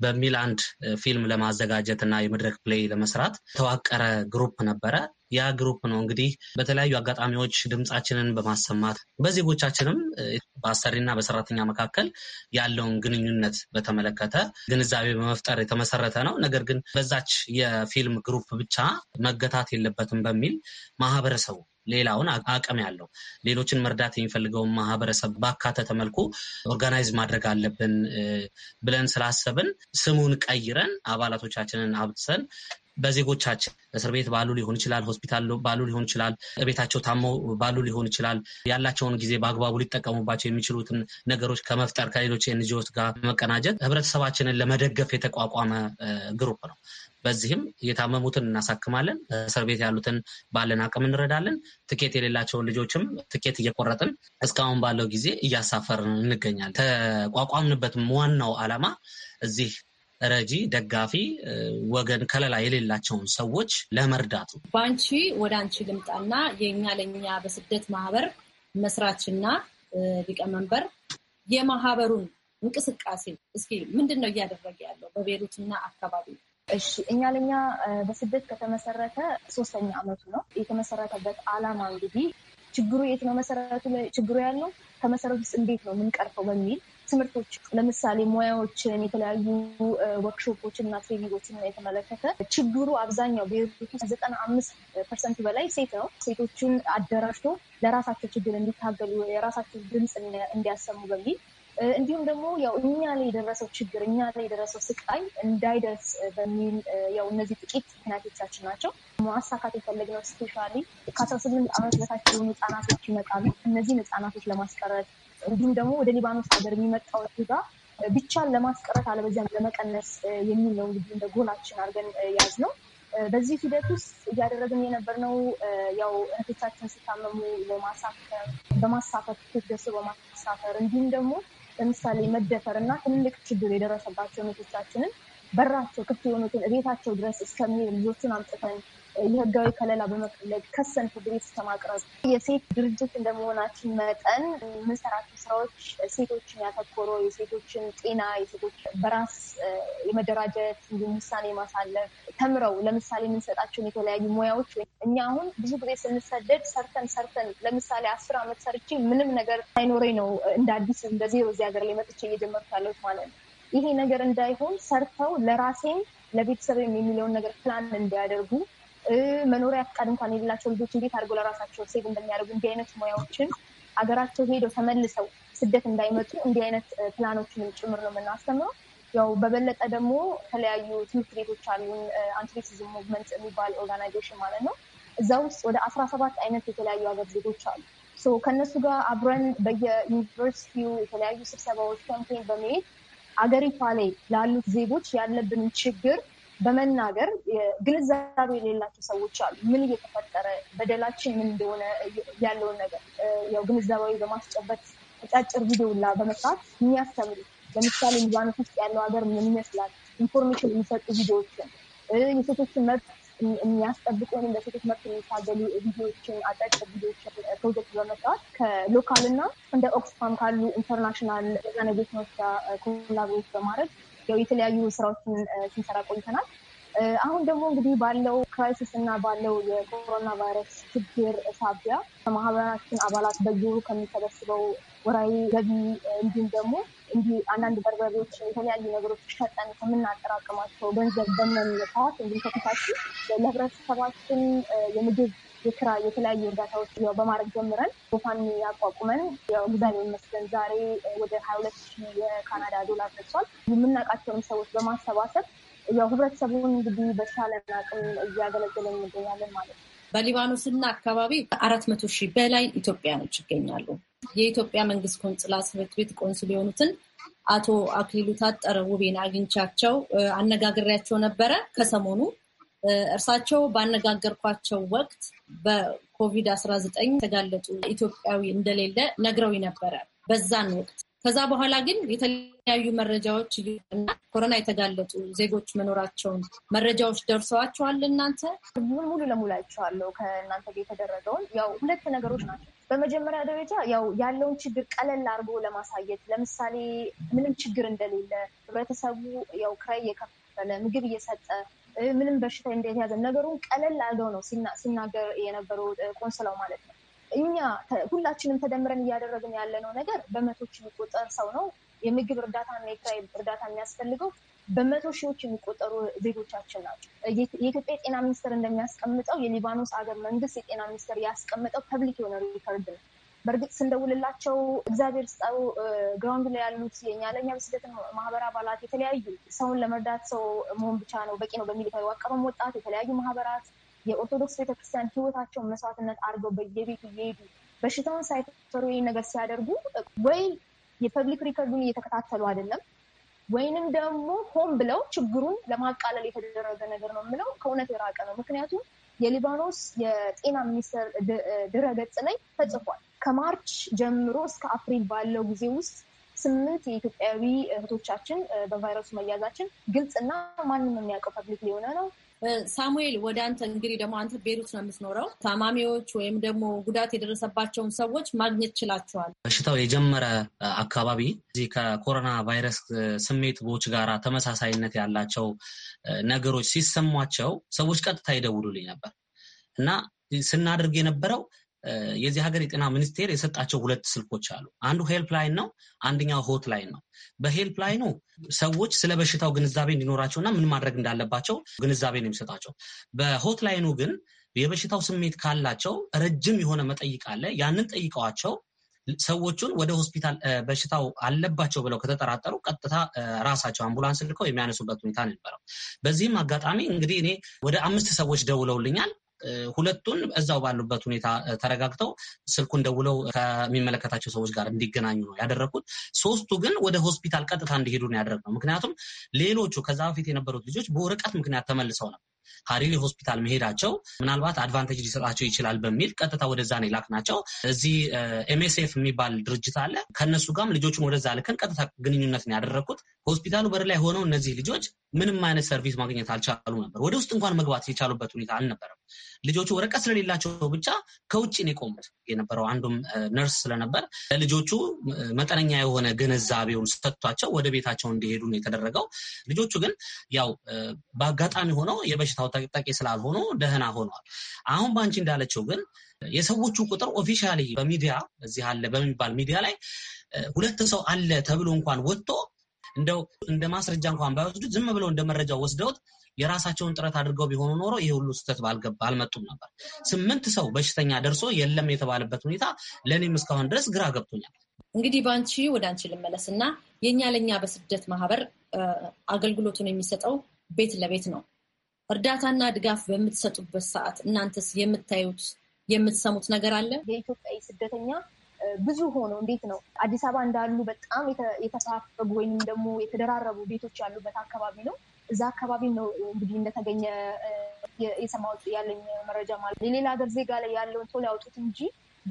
በሚል አንድ ፊልም ለማዘጋጀት እና የመድረክ ፕሌይ ለመስራት ተዋቀረ ግሩፕ ነበረ። ያ ግሩፕ ነው እንግዲህ በተለያዩ አጋጣሚዎች ድምፃችንን በማሰማት በዜጎቻችንም በአሰሪና በሰራተኛ መካከል ያለውን ግንኙነት በተመለከተ ግንዛቤ በመፍጠር የተመሰረተ ነው። ነገር ግን በዛች የፊልም ግሩፕ ብቻ መገታት የለበትም በሚል ማህበረሰቡ ሌላውን አቅም ያለው ሌሎችን መርዳት የሚፈልገውን ማህበረሰብ ባካተተ መልኩ ኦርጋናይዝ ማድረግ አለብን ብለን ስላሰብን ስሙን ቀይረን አባላቶቻችንን አብሰን በዜጎቻችን እስር ቤት ባሉ ሊሆን ይችላል፣ ሆስፒታል ባሉ ሊሆን ይችላል፣ ቤታቸው ታሞ ባሉ ሊሆን ይችላል። ያላቸውን ጊዜ በአግባቡ ሊጠቀሙባቸው የሚችሉትን ነገሮች ከመፍጠር ከሌሎች ኤንጂዎች ጋር መቀናጀት ህብረተሰባችንን ለመደገፍ የተቋቋመ ግሩፕ ነው። በዚህም የታመሙትን እናሳክማለን። እስር ቤት ያሉትን ባለን አቅም እንረዳለን። ትኬት የሌላቸውን ልጆችም ትኬት እየቆረጥን እስካሁን ባለው ጊዜ እያሳፈርን እንገኛለን። ተቋቋምንበትም ዋናው ዓላማ እዚህ ረጂ፣ ደጋፊ፣ ወገን ከለላ የሌላቸውን ሰዎች ለመርዳቱ በአንቺ ወደ አንቺ ልምጣና የእኛ ለእኛ በስደት ማህበር መስራችና ሊቀመንበር የማህበሩን እንቅስቃሴ እስኪ ምንድን ነው እያደረገ ያለው በቤሩትና አካባቢ? እሺ እኛ ለኛ በስደት ከተመሰረተ ሶስተኛ አመቱ ነው። የተመሰረተበት አላማ እንግዲህ ችግሩ የት ነው መሰረቱ? ችግሩ ያለው ከመሰረቱ ውስጥ እንዴት ነው የምንቀርፈው በሚል ትምህርቶች ለምሳሌ ሙያዎችን፣ የተለያዩ ወርክሾፖችን እና ትሬኒንጎችን የተመለከተ ችግሩ አብዛኛው ብሔሮች ዘጠና አምስት ፐርሰንት በላይ ሴት ነው። ሴቶችን አደራጅቶ ለራሳቸው ችግር እንዲታገሉ የራሳቸው ድምፅ እንዲያሰሙ በሚል እንዲሁም ደግሞ ያው እኛ ላይ የደረሰው ችግር እኛ ላይ የደረሰው ስቃይ እንዳይደርስ በሚል ያው እነዚህ ጥቂት ምክንያቶቻችን ናቸው። ማሳካት የፈለግነው ስፔሻሊ ከአስራ ስምንት ዓመት በታች የሆኑ ህጻናቶች ይመጣሉ። እነዚህን ህጻናቶች ለማስቀረት እንዲሁም ደግሞ ወደ ሊባኖስ ሀገር የሚመጣው ዜጋ ብቻን ለማስቀረት አለበዚያም ለመቀነስ የሚል ነው እንግዲህ እንደ ጎላችን አድርገን ያዝ ነው። በዚህ ሂደት ውስጥ እያደረግን የነበርነው ያው እህቶቻችን ስታመሙ በማሳከም በማሳፈር ደርሶ በማሳፈር እንዲሁም ደግሞ ለምሳሌ መደፈር እና ትልቅ ችግር የደረሰባቸው እህቶቻችንን በራቸው ክፍት የሆኑትን እቤታቸው ድረስ እስከሚሄድ ልጆቹን አምጥተን የህጋዊ ከለላ በመፈለግ ከሰን ፍርድ ቤት የሴት ድርጅት እንደመሆናችን መጠን የምንሰራቸው ስራዎች ሴቶችን ያተኮረ የሴቶችን ጤና፣ የሴቶች በራስ የመደራጀት እንዲሁም ውሳኔ ማሳለፍ ተምረው ለምሳሌ የምንሰጣቸውን የተለያዩ ሙያዎች እኛ አሁን ብዙ ጊዜ ስንሰደድ ሰርተን ሰርተን ለምሳሌ አስር ዓመት ሰርቼ ምንም ነገር አይኖረኝ ነው እንደ አዲስ እንደ ዜሮ እዚህ ሀገር ላይ መጥቼ እየጀመርኩ ያለሁት ማለት ነው። ይሄ ነገር እንዳይሆን ሰርተው ለራሴም ለቤተሰብም የሚለውን ነገር ፕላን እንዲያደርጉ መኖሪያ ፍቃድ እንኳን የሌላቸው ልጆች እንዴት አድርገው ለራሳቸው ሴቭ እንደሚያደርጉ እንዲህ አይነት ሙያዎችን ሀገራቸው ሄደው ተመልሰው ስደት እንዳይመጡ እንዲህ አይነት ፕላኖችንም ጭምር ነው የምናስተምረው። ያው በበለጠ ደግሞ የተለያዩ ትምህርት ቤቶች አሉን። አንቲሬሲዝም ሙቭመንት የሚባል ኦርጋናይዜሽን ማለት ነው። እዛ ውስጥ ወደ አስራ ሰባት አይነት የተለያዩ ሀገር ዜጎች አሉ። ከእነሱ ጋር አብረን በየዩኒቨርሲቲው የተለያዩ ስብሰባዎች፣ ካምፔን በመሄድ አገሪቷ ላይ ላሉት ዜጎች ያለብንን ችግር በመናገር ግንዛቤ የሌላቸው ሰዎች አሉ። ምን እየተፈጠረ በደላችን ምን እንደሆነ ያለውን ነገር ያው ግንዛቤ በማስጨበት አጫጭር ቪዲዮ ላ በመስራት የሚያስተምሩ ለምሳሌ ሚዛኖች ውስጥ ያለው ሀገር ምን ይመስላል ኢንፎርሜሽን የሚሰጡ ቪዲዮዎችን የሴቶችን መብት የሚያስጠብቁ ወይም ለሴቶች መብት የሚታገሉ ቪዲዮዎችን አጫጭር ቪዲዮዎችን ፕሮጀክት በመስራት ከሎካል እና እንደ ኦክስፋም ካሉ ኢንተርናሽናል ኦርጋናይዜሽኖች ጋር ኮላቦሬት በማድረግ ያው የተለያዩ ስራዎችን ስንሰራ ቆይተናል። አሁን ደግሞ እንግዲህ ባለው ክራይሲስ እና ባለው የኮሮና ቫይረስ ችግር ሳቢያ ከማህበራችን አባላት በየወሩ ከሚሰበስበው ወራዊ ገቢ እንዲሁም ደግሞ እንዲህ አንዳንድ በርበሬዎች፣ የተለያዩ ነገሮች ሸጠን ከምናጠራቅማቸው ገንዘብ በመነሳት እንዲሁም ከፊታችን ለህብረተሰባችን የምግብ የስራ የተለያዩ እርዳታዎች ያው በማድረግ ጀምረን ጎፋን ያቋቁመን ያው እግዚአብሔር ይመስገን ዛሬ ወደ ሀያ ሁለት ሺ የካናዳ ዶላር ደርሷል። የምናውቃቸውንም ሰዎች በማሰባሰብ ያው ህብረተሰቡን እንግዲህ በተቻለን አቅም እያገለገለን እንገኛለን ማለት ነው። እና አካባቢ ከአራት መቶ ሺህ በላይ ኢትዮጵያኖች ይገኛሉ። የኢትዮጵያ መንግስት ቆንጽላ ጽሕፈት ቤት ቆንስል የሆኑትን አቶ አክሊሉ ታጠረ ውቤን አግኝቻቸው አነጋግሬያቸው ነበረ። ከሰሞኑ እርሳቸው ባነጋገርኳቸው ወቅት በኮቪድ 19 የተጋለጡ ኢትዮጵያዊ እንደሌለ ነግረው ነበረ በዛን ወቅት። ከዛ በኋላ ግን የተለያዩ መረጃዎች እና ኮሮና የተጋለጡ ዜጎች መኖራቸውን መረጃዎች ደርሰዋቸዋል። እናንተ ሙሉ ለሙሉ አይቼዋለሁ ከእናንተ ጋር የተደረገውን። ያው ሁለት ነገሮች ናቸው። በመጀመሪያ ደረጃ ያው ያለውን ችግር ቀለል አድርጎ ለማሳየት ለምሳሌ ምንም ችግር እንደሌለ ህብረተሰቡ ያው ክራይ የከፈለ ምግብ እየሰጠ ምንም በሽታ እንደተያዘ ነገሩን ቀለል አድርገው ነው ሲናገር የነበረው ቆንስላው ማለት ነው። እኛ ሁላችንም ተደምረን እያደረግን ያለነው ነገር በመቶች የሚቆጠር ሰው ነው የምግብ እርዳታና የኪራይ እርዳታ የሚያስፈልገው በመቶ ሺዎች የሚቆጠሩ ዜጎቻችን ናቸው። የኢትዮጵያ የጤና ሚኒስቴር እንደሚያስቀምጠው የሊባኖስ ሀገር መንግስት የጤና ሚኒስቴር ያስቀምጠው ፐብሊክ የሆነ ሪከርድ ነው። በእርግጥ ስንደውልላቸው እግዚአብሔር ስጠው ግራውንድ ላይ ያሉት የኛ ለእኛ በስደት ማህበር አባላት የተለያዩ ሰውን ለመርዳት ሰው መሆን ብቻ ነው በቂ ነው በሚል የተዋቀበም ወጣት የተለያዩ ማህበራት የኦርቶዶክስ ቤተክርስቲያን ህይወታቸውን መስዋዕትነት አድርገው በየቤቱ እየሄዱ በሽታውን ሳይፈሩ ይህ ነገር ሲያደርጉ ወይ የፐብሊክ ሪከርዱን እየተከታተሉ አይደለም ወይንም ደግሞ ሆን ብለው ችግሩን ለማቃለል የተደረገ ነገር ነው የምለው ከእውነት የራቀ ነው። ምክንያቱም የሊባኖስ የጤና ሚኒስቴር ድረገጽ ላይ ተጽፏል። ከማርች ጀምሮ እስከ አፕሪል ባለው ጊዜ ውስጥ ስምንት የኢትዮጵያዊ እህቶቻችን በቫይረሱ መያዛችን ግልጽና ማንም የሚያውቀው ፐብሊክ ሊሆነ ነው። ሳሙኤል ወደ አንተ እንግዲህ ደግሞ አንተ ቤሩት ነው የምትኖረው። ታማሚዎች ወይም ደግሞ ጉዳት የደረሰባቸውን ሰዎች ማግኘት ችላቸዋል? በሽታው የጀመረ አካባቢ እዚህ ከኮሮና ቫይረስ ቦች ጋራ ተመሳሳይነት ያላቸው ነገሮች ሲሰሟቸው ሰዎች ቀጥታ ይደውሉልኝ ነበር እና ስናደርግ የነበረው የዚህ ሀገር የጤና ሚኒስቴር የሰጣቸው ሁለት ስልኮች አሉ። አንዱ ሄልፕ ላይን ነው፣ አንደኛው ሆት ላይን ነው። በሄልፕ ላይኑ ሰዎች ስለ በሽታው ግንዛቤ እንዲኖራቸውና ምን ማድረግ እንዳለባቸው ግንዛቤ ነው የሚሰጣቸው። በሆት ላይኑ ግን የበሽታው ስሜት ካላቸው ረጅም የሆነ መጠይቅ አለ። ያንን ጠይቀዋቸው ሰዎቹን ወደ ሆስፒታል በሽታው አለባቸው ብለው ከተጠራጠሩ ቀጥታ ራሳቸው አምቡላንስ ልከው የሚያነሱበት ሁኔታ ነበረው። በዚህም አጋጣሚ እንግዲህ እኔ ወደ አምስት ሰዎች ደውለውልኛል። ሁለቱን እዛው ባሉበት ሁኔታ ተረጋግተው ስልኩን ደውለው ከሚመለከታቸው ሰዎች ጋር እንዲገናኙ ነው ያደረግኩት። ሶስቱ ግን ወደ ሆስፒታል ቀጥታ እንዲሄዱ ነው ያደረግነው። ምክንያቱም ሌሎቹ ከዛ በፊት የነበሩት ልጆች በወረቀት ምክንያት ተመልሰው ነው ሀሪሊ ሆስፒታል መሄዳቸው ምናልባት አድቫንቴጅ ሊሰጣቸው ይችላል በሚል ቀጥታ ወደዛ ነው የላክናቸው። እዚህ ኤምኤስኤፍ የሚባል ድርጅት አለ። ከእነሱ ጋርም ልጆቹን ወደዛ ልከን ቀጥታ ግንኙነት ነው ያደረግኩት። ሆስፒታሉ በር ላይ ሆነው እነዚህ ልጆች ምንም አይነት ሰርቪስ ማግኘት አልቻሉ ነበር። ወደ ውስጥ እንኳን መግባት የቻሉበት ሁኔታ አልነበረም። ልጆቹ ወረቀት ስለሌላቸው ብቻ ከውጭ ነው የቆሙት የነበረው። አንዱም ነርስ ስለነበር ለልጆቹ መጠነኛ የሆነ ግንዛቤውን ሰጥቷቸው ወደ ቤታቸው እንዲሄዱ ነው የተደረገው። ልጆቹ ግን ያው በአጋጣሚ ሆነው የበሽታው ተጠቂ ስላልሆኑ ደህና ሆነዋል። አሁን በአንቺ እንዳለችው ግን የሰዎቹ ቁጥር ኦፊሻሊ በሚዲያ እዚህ አለ በሚባል ሚዲያ ላይ ሁለት ሰው አለ ተብሎ እንኳን ወጥቶ እንደው እንደ ማስረጃ እንኳን ባይወስዱት ዝም ብለው እንደ መረጃ ወስደውት የራሳቸውን ጥረት አድርገው ቢሆኑ ኖሮ ይህ ሁሉ ስህተት ባልገባ አልመጡም ነበር። ስምንት ሰው በሽተኛ ደርሶ የለም የተባለበት ሁኔታ ለእኔም እስካሁን ድረስ ግራ ገብቶኛል። እንግዲህ በአንቺ ወደ አንቺ ልመለስ እና የእኛ ለእኛ በስደት ማህበር አገልግሎቱን የሚሰጠው ቤት ለቤት ነው። እርዳታና ድጋፍ በምትሰጡበት ሰዓት እናንተስ የምታዩት የምትሰሙት ነገር አለ? የኢትዮጵያ ስደተኛ ብዙ ሆኖ እንዴት ነው አዲስ አበባ እንዳሉ በጣም የተፋፈጉ ወይም ደግሞ የተደራረቡ ቤቶች ያሉበት አካባቢ ነው። እዛ አካባቢ ነው እንግዲህ እንደተገኘ የሰማሁት ያለኝ መረጃ ማለት የሌላ ሀገር ዜጋ ላይ ያለውን ቶሎ ያውጡት እንጂ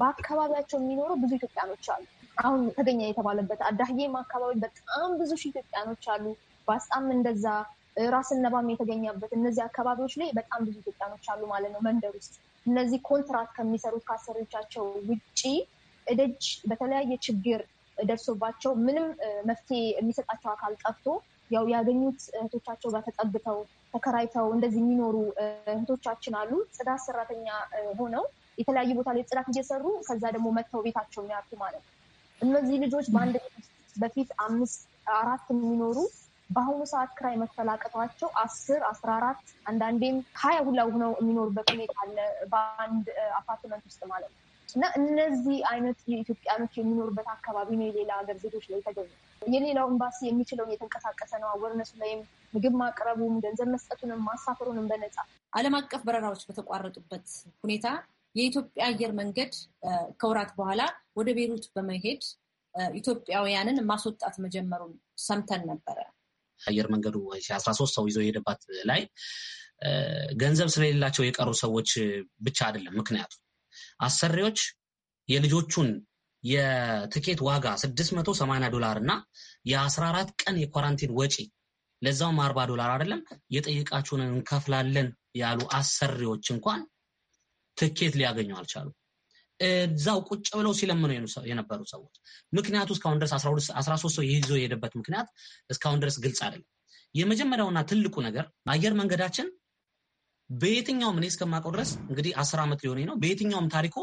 በአካባቢያቸው የሚኖሩ ብዙ ኢትዮጵያኖች አሉ። አሁን ተገኘ የተባለበት አዳህዬም አካባቢ በጣም ብዙ ሺህ ኢትዮጵያኖች አሉ። በአስጣም እንደዛ ራስን ነባም የተገኘበት እነዚህ አካባቢዎች ላይ በጣም ብዙ ኢትዮጵያኖች አሉ ማለት ነው መንደር ውስጥ እነዚህ ኮንትራት ከሚሰሩት ከአሰሪዎቻቸው ውጪ እደጅ በተለያየ ችግር ደርሶባቸው ምንም መፍትሄ የሚሰጣቸው አካል ጠፍቶ ያው ያገኙት እህቶቻቸው ጋር ተጠብተው ተከራይተው እንደዚህ የሚኖሩ እህቶቻችን አሉ። ጽዳት ሰራተኛ ሆነው የተለያዩ ቦታ ላይ ጽዳት እየሰሩ ከዛ ደግሞ መጥተው ቤታቸው የሚያርፉ ማለት ነው። እነዚህ ልጆች በአንድ በፊት አምስት አራት የሚኖሩ በአሁኑ ሰዓት ክራይ መክፈል አቅቷቸው አስር አስራ አራት አንዳንዴም ሀያ ሁላ ሆነው የሚኖሩበት ሁኔታ አለ በአንድ አፓርትመንት ውስጥ ማለት ነው። እና እነዚህ አይነት የኢትዮጵያኖች የሚኖሩበት አካባቢ ነው የሌላ ሀገር ዜጎች ላይ የተገኘ የሌላው ኤምባሲ የሚችለውን የተንቀሳቀሰ ነው። አወርነሱ ላይም ምግብ ማቅረቡም፣ ገንዘብ መስጠቱንም፣ ማሳፈሩንም በነፃ ዓለም አቀፍ በረራዎች በተቋረጡበት ሁኔታ የኢትዮጵያ አየር መንገድ ከወራት በኋላ ወደ ቤይሩት በመሄድ ኢትዮጵያውያንን ማስወጣት መጀመሩን ሰምተን ነበረ። አየር መንገዱ አስራ ሶስት ሰው ይዞ የሄደባት ላይ ገንዘብ ስለሌላቸው የቀሩ ሰዎች ብቻ አይደለም ምክንያቱ አሰሪዎች የልጆቹን የትኬት ዋጋ 680 ዶላር እና የ14 ቀን የኳራንቲን ወጪ ለዛውም 40 ዶላር አይደለም የጠየቃችሁን እንከፍላለን ያሉ አሰሪዎች እንኳን ትኬት ሊያገኙ አልቻሉ። እዛው ቁጭ ብለው ሲለምኑ የነበሩ ሰዎች ምክንያቱ እስካሁን ድረስ 13 ሰው ይዞ የሄደበት ምክንያት እስካሁን ድረስ ግልጽ አይደለም። የመጀመሪያውና ትልቁ ነገር አየር መንገዳችን በየትኛውም እኔ እስከማውቀው ድረስ እንግዲህ አስር ዓመት ሊሆነኝ ነው። በየትኛውም ታሪኮ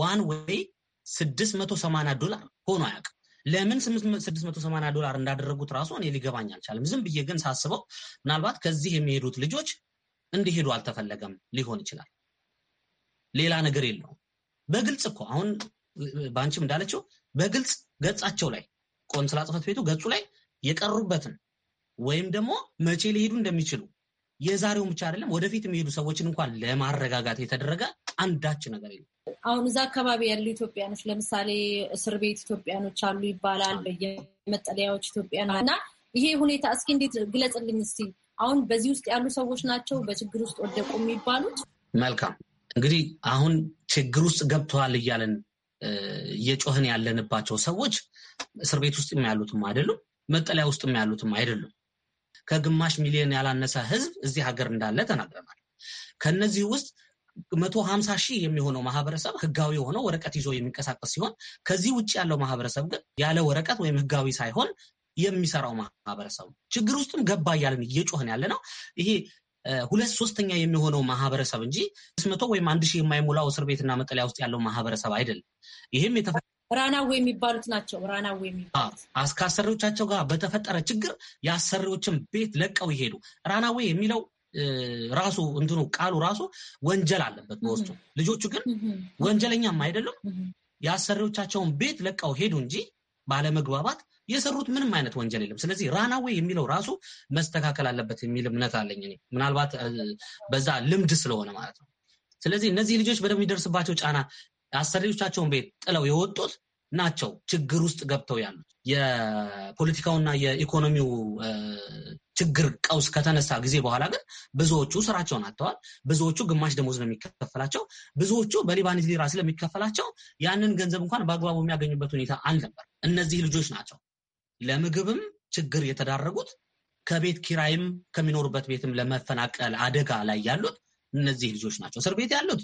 ዋን ወይ ስድስት መቶ ሰማንያ ዶላር ሆኖ አያውቅም። ለምን ስድስት መቶ ሰማንያ ዶላር እንዳደረጉት ራሱ እኔ ሊገባኝ አልቻለም። ዝም ብዬ ግን ሳስበው ምናልባት ከዚህ የሚሄዱት ልጆች እንዲሄዱ አልተፈለገም ሊሆን ይችላል። ሌላ ነገር የለውም። በግልጽ እኮ አሁን በአንቺም እንዳለችው በግልጽ ገጻቸው ላይ ቆንስላ ጽሕፈት ቤቱ ገጹ ላይ የቀሩበትን ወይም ደግሞ መቼ ሊሄዱ እንደሚችሉ የዛሬውን ብቻ አይደለም ወደፊት የሚሄዱ ሰዎችን እንኳን ለማረጋጋት የተደረገ አንዳች ነገር የለም። አሁን እዛ አካባቢ ያሉ ኢትዮጵያኖች ለምሳሌ እስር ቤት ኢትዮጵያኖች አሉ ይባላል፣ በየመጠለያዎች ኢትዮጵያና እና ይሄ ሁኔታ እስኪ እንዴት ግለጽልኝ እስቲ። አሁን በዚህ ውስጥ ያሉ ሰዎች ናቸው በችግር ውስጥ ወደቁ የሚባሉት። መልካም እንግዲህ አሁን ችግር ውስጥ ገብተዋል እያለን እየጮህን ያለንባቸው ሰዎች እስር ቤት ውስጥም ያሉትም አይደሉም፣ መጠለያ ውስጥም ያሉትም አይደሉም። ከግማሽ ሚሊዮን ያላነሰ ህዝብ እዚህ ሀገር እንዳለ ተናግረናል። ከነዚህ ውስጥ መቶ ሀምሳ ሺህ የሚሆነው ማህበረሰብ ህጋዊ የሆነው ወረቀት ይዞ የሚንቀሳቀስ ሲሆን ከዚህ ውጭ ያለው ማህበረሰብ ግን ያለ ወረቀት ወይም ህጋዊ ሳይሆን የሚሰራው ማህበረሰብ ነው። ችግር ውስጥም ገባ እያለን እየጮህን ያለ ነው ይሄ ሁለት ሶስተኛ የሚሆነው ማህበረሰብ እንጂ ስመቶ ወይም አንድ ሺህ የማይሞላው እስር ቤትና መጠለያ ውስጥ ያለው ማህበረሰብ አይደለም። ይህም የተፈ ራናዌ የሚባሉት ናቸው። ራናዊ የሚባሉት ከአሰሪዎቻቸው ጋር በተፈጠረ ችግር የአሰሪዎችን ቤት ለቀው ይሄዱ። ራናዌ የሚለው ራሱ እንትኑ ቃሉ ራሱ ወንጀል አለበት በውስጡ። ልጆቹ ግን ወንጀለኛም አይደለም። የአሰሪዎቻቸውን ቤት ለቀው ሄዱ እንጂ ባለመግባባት የሰሩት ምንም አይነት ወንጀል የለም። ስለዚህ ራናዌ የሚለው ራሱ መስተካከል አለበት የሚል እምነት አለኝ እኔ ምናልባት በዛ ልምድ ስለሆነ ማለት ነው። ስለዚህ እነዚህ ልጆች በደንብ የሚደርስባቸው ጫና አሰሪዎቻቸውን ቤት ጥለው የወጡት ናቸው ችግር ውስጥ ገብተው ያሉት። የፖለቲካውና የኢኮኖሚው ችግር ቀውስ ከተነሳ ጊዜ በኋላ ግን ብዙዎቹ ስራቸውን አጥተዋል። ብዙዎቹ ግማሽ ደሞዝ ነው የሚከፈላቸው። ብዙዎቹ በሊባኒዝ ሊራ ስለሚከፈላቸው ያንን ገንዘብ እንኳን በአግባቡ የሚያገኙበት ሁኔታ አልነበር። እነዚህ ልጆች ናቸው ለምግብም ችግር የተዳረጉት ከቤት ኪራይም ከሚኖሩበት ቤትም ለመፈናቀል አደጋ ላይ ያሉት እነዚህ ልጆች ናቸው። እስር ቤት ያሉት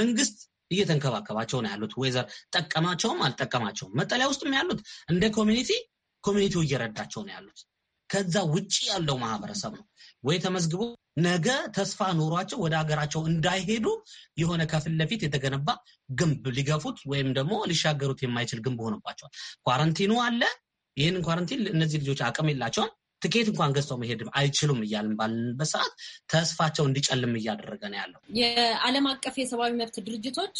መንግስት እየተንከባከባቸው ነው ያሉት። ወይዘር ጠቀማቸውም አልጠቀማቸውም መጠለያ ውስጥም ያሉት እንደ ኮሚኒቲ ኮሚኒቲው እየረዳቸው ነው ያሉት። ከዛ ውጭ ያለው ማህበረሰብ ነው ወይ ተመዝግቦ ነገ ተስፋ ኖሯቸው ወደ ሀገራቸው እንዳይሄዱ የሆነ ከፊት ለፊት የተገነባ ግንብ ሊገፉት ወይም ደግሞ ሊሻገሩት የማይችል ግንብ ሆኖባቸዋል። ኳረንቲኑ አለ። ይህንን ኳረንቲን እነዚህ ልጆች አቅም የላቸውም። ትኬት እንኳን ገዝተው መሄድ አይችሉም እያልን ባልንበት ሰዓት ተስፋቸው እንዲጨልም እያደረገ ነው ያለው። የዓለም አቀፍ የሰብአዊ መብት ድርጅቶች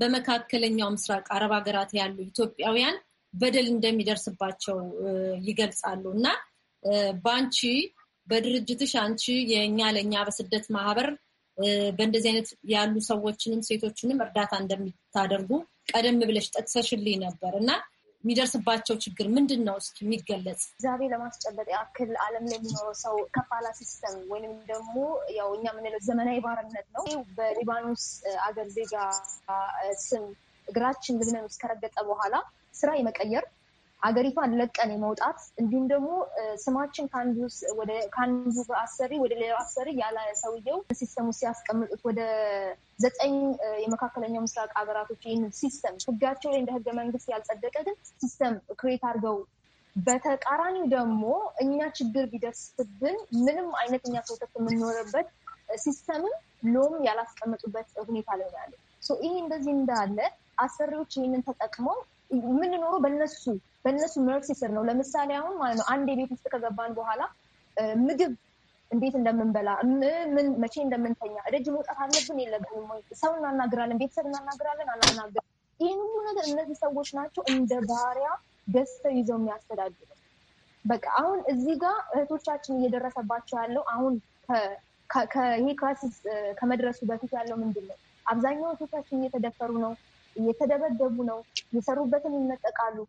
በመካከለኛው ምስራቅ አረብ ሀገራት ያሉ ኢትዮጵያውያን በደል እንደሚደርስባቸው ይገልጻሉ እና በአንቺ በድርጅትሽ አንቺ የእኛ ለእኛ በስደት ማህበር በእንደዚህ አይነት ያሉ ሰዎችንም ሴቶችንም እርዳታ እንደሚታደርጉ ቀደም ብለሽ ጠቅሰሽልኝ ነበር እና የሚደርስባቸው ችግር ምንድን ነው? እስኪ የሚገለጽ ዛሬ ለማስጨበጥ ያክል አለም ላይ የሚኖረው ሰው ከፋላ ሲስተም ወይም ደግሞ ያው እኛ የምንለው ዘመናዊ ባርነት ነው። በሊባኖስ አገር ዜጋ ስም እግራችን ውስጥ ከረገጠ በኋላ ስራ የመቀየር አገሪቷን ለቀን የመውጣት እንዲሁም ደግሞ ስማችን ከአንዱ አሰሪ ወደ ሌላው አሰሪ ያለ ሰውየው ሲስተሙ ሲያስቀምጡት ወደ ዘጠኝ የመካከለኛው ምስራቅ ሀገራቶች ይህንን ሲስተም ህጋቸው ላይ እንደ ህገ መንግስት ያልጸደቀ ግን ሲስተም ክሬት አድርገው በተቃራኒው ደግሞ እኛ ችግር ቢደርስብን ምንም አይነት እኛ ሰውተት የምንኖርበት ሲስተምም ሎም ያላስቀመጡበት ሁኔታ ላይ ያለ ይሄ እንደዚህ እንዳለ አሰሪዎች ይህንን ተጠቅመው የምንኖረው በነሱ በእነሱ መርሲ ስር ነው። ለምሳሌ አሁን ማለት ነው አንድ የቤት ውስጥ ከገባን በኋላ ምግብ እንዴት እንደምንበላ ምን መቼ እንደምንተኛ ረጅ መውጣት አለብን የለብንም ወይ ሰው እናናግራለን፣ ቤተሰብ እናናግራለን፣ አናናግር ይህን ሁሉ ነገር እነዚህ ሰዎች ናቸው እንደ ባሪያ ገዝተው ይዘው የሚያስተዳድሩ። በቃ አሁን እዚህ ጋር እህቶቻችን እየደረሰባቸው ያለው አሁን ይሄ ክራይሲስ ከመድረሱ በፊት ያለው ምንድን ነው? አብዛኛው እህቶቻችን እየተደፈሩ ነው፣ እየተደበደቡ ነው፣ የሰሩበትን ይነጠቃሉ።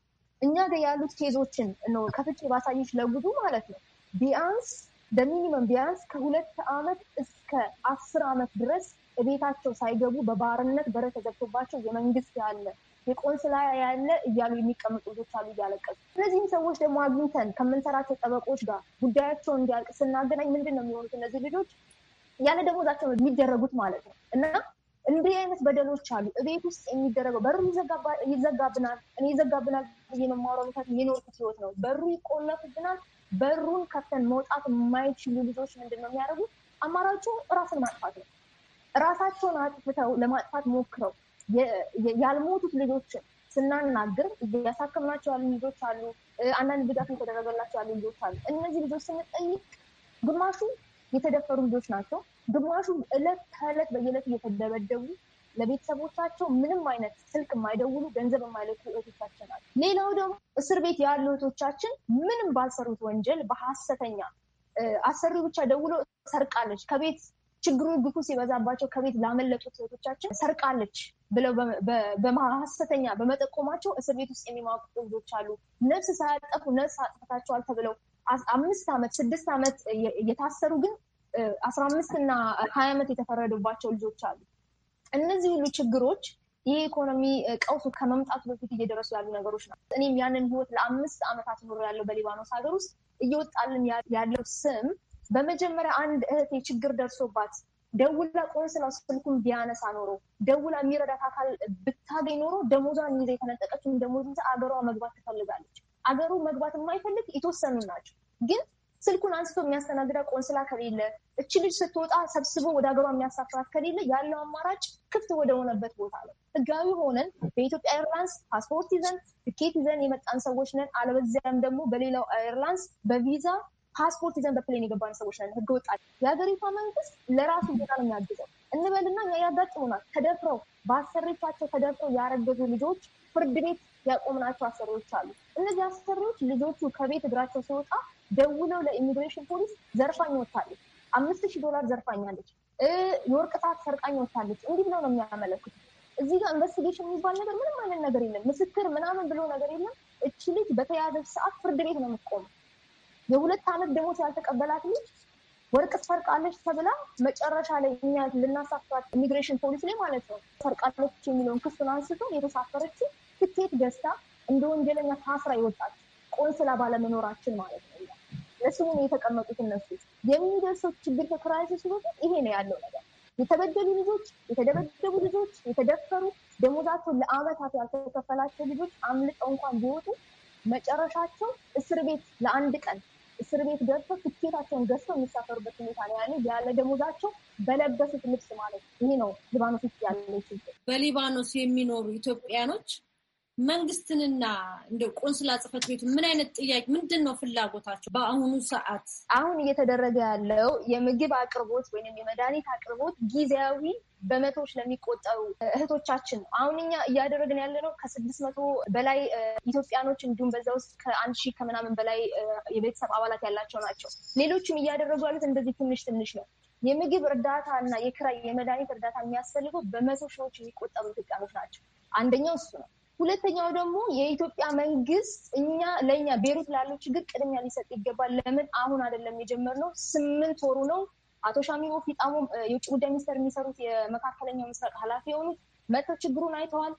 እኛ ጋር ያሉት ኬዞችን ነው ከፍቼ ባሳየች ለጉዱ ማለት ነው ቢያንስ በሚኒመም ቢያንስ ከሁለት ዓመት እስከ አስር ዓመት ድረስ ቤታቸው ሳይገቡ በባርነት በረ ተዘግቶባቸው የመንግስት ያለ የቆንስላ ያለ እያሉ የሚቀመጡ ልጆች አሉ እያለቀሱ። እነዚህም ሰዎች ደግሞ አግኝተን ከምንሰራቸው ጠበቆች ጋር ጉዳያቸውን እንዲያልቅ ስናገናኝ ምንድን ነው የሚሆኑት እነዚህ ልጆች ያለ ደሞዛቸው የሚደረጉት ማለት ነው እና እንዲህ አይነት በደሎች አሉ። እቤት ውስጥ የሚደረገው በሩ ይዘጋብናል። እኔ ይዘጋብናል ብዬ መማሯ ምታት የኖርኩት ህይወት ነው። በሩ ይቆለፍብናል። በሩን ከፍተን መውጣት የማይችሉ ልጆች ምንድን ነው የሚያደርጉት? አማራጩ እራስን ማጥፋት ነው። እራሳቸውን አጥፍተው ለማጥፋት ሞክረው ያልሞቱት ልጆችን ስናናግር እያሳከምናቸው ያሉ ልጆች አሉ። አንዳንድ ድጋፍ የተደረገላቸው ያሉ ልጆች አሉ። እነዚህ ልጆች ስንጠይቅ ግማሹ የተደፈሩ ልጆች ናቸው። ግማሹ እለት ከእለት በየዕለት እየተደበደቡ ለቤተሰቦቻቸው ምንም አይነት ስልክ የማይደውሉ ገንዘብ የማይለቁ እህቶቻችን አሉ። ሌላው ደግሞ እስር ቤት ያሉ እህቶቻችን ምንም ባልሰሩት ወንጀል በሀሰተኛ አሰሪ ብቻ ደውሎ ሰርቃለች ከቤት ችግሩ ግፉ ሲበዛባቸው ከቤት ላመለጡት እህቶቻችን ሰርቃለች ብለው በሀሰተኛ በመጠቆማቸው እስር ቤት ውስጥ የሚማቁ ልጆች አሉ። ነፍስ ሳያጠፉ ነፍስ አጥፍታቸዋል ተብለው አምስት ዓመት ስድስት ዓመት የታሰሩ ግን አስራ አምስት እና ሀያ ዓመት የተፈረደባቸው ልጆች አሉ። እነዚህ ሁሉ ችግሮች ይህ ኢኮኖሚ ቀውሱ ከመምጣቱ በፊት እየደረሱ ያሉ ነገሮች ናቸው። እኔም ያንን ህይወት ለአምስት ዓመታት ኖሮ ያለው በሊባኖስ ሀገር ውስጥ እየወጣልን ያለው ስም በመጀመሪያ አንድ እህቴ ችግር ደርሶባት ደውላ ቆንስላ ስልኩን ቢያነሳ ኖሮ ደውላ የሚረዳት አካል ብታገኝ ኖሮ ደሞዟን ይዘ የተነጠቀችውን ደሞዝ አገሯ መግባት ትፈልጋለች። አገሩ መግባት የማይፈልግ የተወሰኑ ናቸው ግን ስልኩን አንስቶ የሚያስተናግዳ ቆንስላ ከሌለ፣ እች ልጅ ስትወጣ ሰብስቦ ወደ ሀገሯ የሚያሳፍራት ከሌለ ያለው አማራጭ ክፍት ወደ ሆነበት ቦታ ነው። ህጋዊ ሆነን በኢትዮጵያ ኤርላይንስ ፓስፖርት ይዘን ትኬት ይዘን የመጣን ሰዎች ነን። አለበዚያም ደግሞ በሌላው ኤርላይንስ በቪዛ ፓስፖርት ይዘን በፕሌን የገባን ሰዎች ነን። ህገ ወጣ የሀገሪቷ መንግስት ለራሱ ቦታ ነው የሚያግዘው እንበልና እኛ ያጋጥሙናል። ተደፍረው በአሰሪቻቸው ተደፍረው ያረገዙ ልጆች ፍርድ ቤት ያቆምናቸው አሰሪዎች አሉ። እነዚህ አሰሪዎች ልጆቹ ከቤት እግራቸው ሲወጣ ደውለው ለኢሚግሬሽን ፖሊስ ዘርፋኝ ወታለች፣ አምስት ሺህ ዶላር ዘርፋኛለች፣ የወርቅ ሰዓት ሰርቃኝ ወታለች፣ እንዲህ ብለው ነው የሚያመለክቱ። እዚህ ጋር ኢንቨስቲጌሽን የሚባል ነገር ምንም አይነት ነገር የለም። ምስክር ምናምን ብሎ ነገር የለም። እች ልጅ በተያያዘ ሰዓት ፍርድ ቤት ነው የምትቆመው። የሁለት ዓመት ደሞዝ ያልተቀበላት ልጅ ወርቅ ትሰርቃለች ተብላ መጨረሻ ላይ እኛ ልናሳፍራት ኢሚግሬሽን ፖሊስ ላይ ማለት ነው ሰርቃለች የሚለውን ክሱን አንስቶ የተሳፈረችው ትኬት ገዝታ እንደ ወንጀለኛ ታስራ ይወጣል። ቆንስላ ባለመኖራችን ማለት ነው። ነው የተቀመጡት እነሱ የሚደርሰው ችግር ከክራይሲሱ በፊት ይሄ ነው ያለው ነገር። የተበደሉ ልጆች፣ የተደበደቡ ልጆች፣ የተደፈሩ ደሞዛቸው ለአመታት ያልተከፈላቸው ልጆች አምልጠው እንኳን ቢወጡ መጨረሻቸው እስር ቤት ለአንድ ቀን እስር ቤት ገብተው ትኬታቸውን ገዝተው የሚሳፈሩበት ሁኔታ ነው ያለ። ያለ ደሞዛቸው በለበሱት ልብስ ማለት ይሄ ነው ሊባኖስ ውስጥ ያለ ችግር። በሊባኖስ የሚኖሩ ኢትዮጵያኖች መንግስትንና እንደ ቆንስላ ጽህፈት ቤቱ ምን አይነት ጥያቄ ምንድን ነው ፍላጎታቸው? በአሁኑ ሰዓት አሁን እየተደረገ ያለው የምግብ አቅርቦት ወይም የመድኃኒት አቅርቦት ጊዜያዊ በመቶዎች ለሚቆጠሩ እህቶቻችን ነው። አሁን እኛ እያደረግን ያለ ነው ከስድስት መቶ በላይ ኢትዮጵያኖች እንዲሁም በዛ ውስጥ ከአንድ ሺህ ከምናምን በላይ የቤተሰብ አባላት ያላቸው ናቸው። ሌሎችም እያደረጉ ያሉት እንደዚህ ትንሽ ትንሽ ነው። የምግብ እርዳታ እና የክራይ የመድኃኒት እርዳታ የሚያስፈልገው በመቶ ሺዎች የሚቆጠሩ ኢትዮጵያኖች ናቸው። አንደኛው እሱ ነው። ሁለተኛው ደግሞ የኢትዮጵያ መንግስት እኛ ለእኛ ቤሩት ላለው ችግር ቅድሚያ ሊሰጥ ይገባል። ለምን አሁን አይደለም የጀመርነው? ስምንት ወሩ ነው። አቶ ሻሚሮ ፊጣሞ የውጭ ጉዳይ ሚኒስተር የሚሰሩት የመካከለኛው ምስራቅ ኃላፊ የሆኑት መጥተው ችግሩን አይተዋል።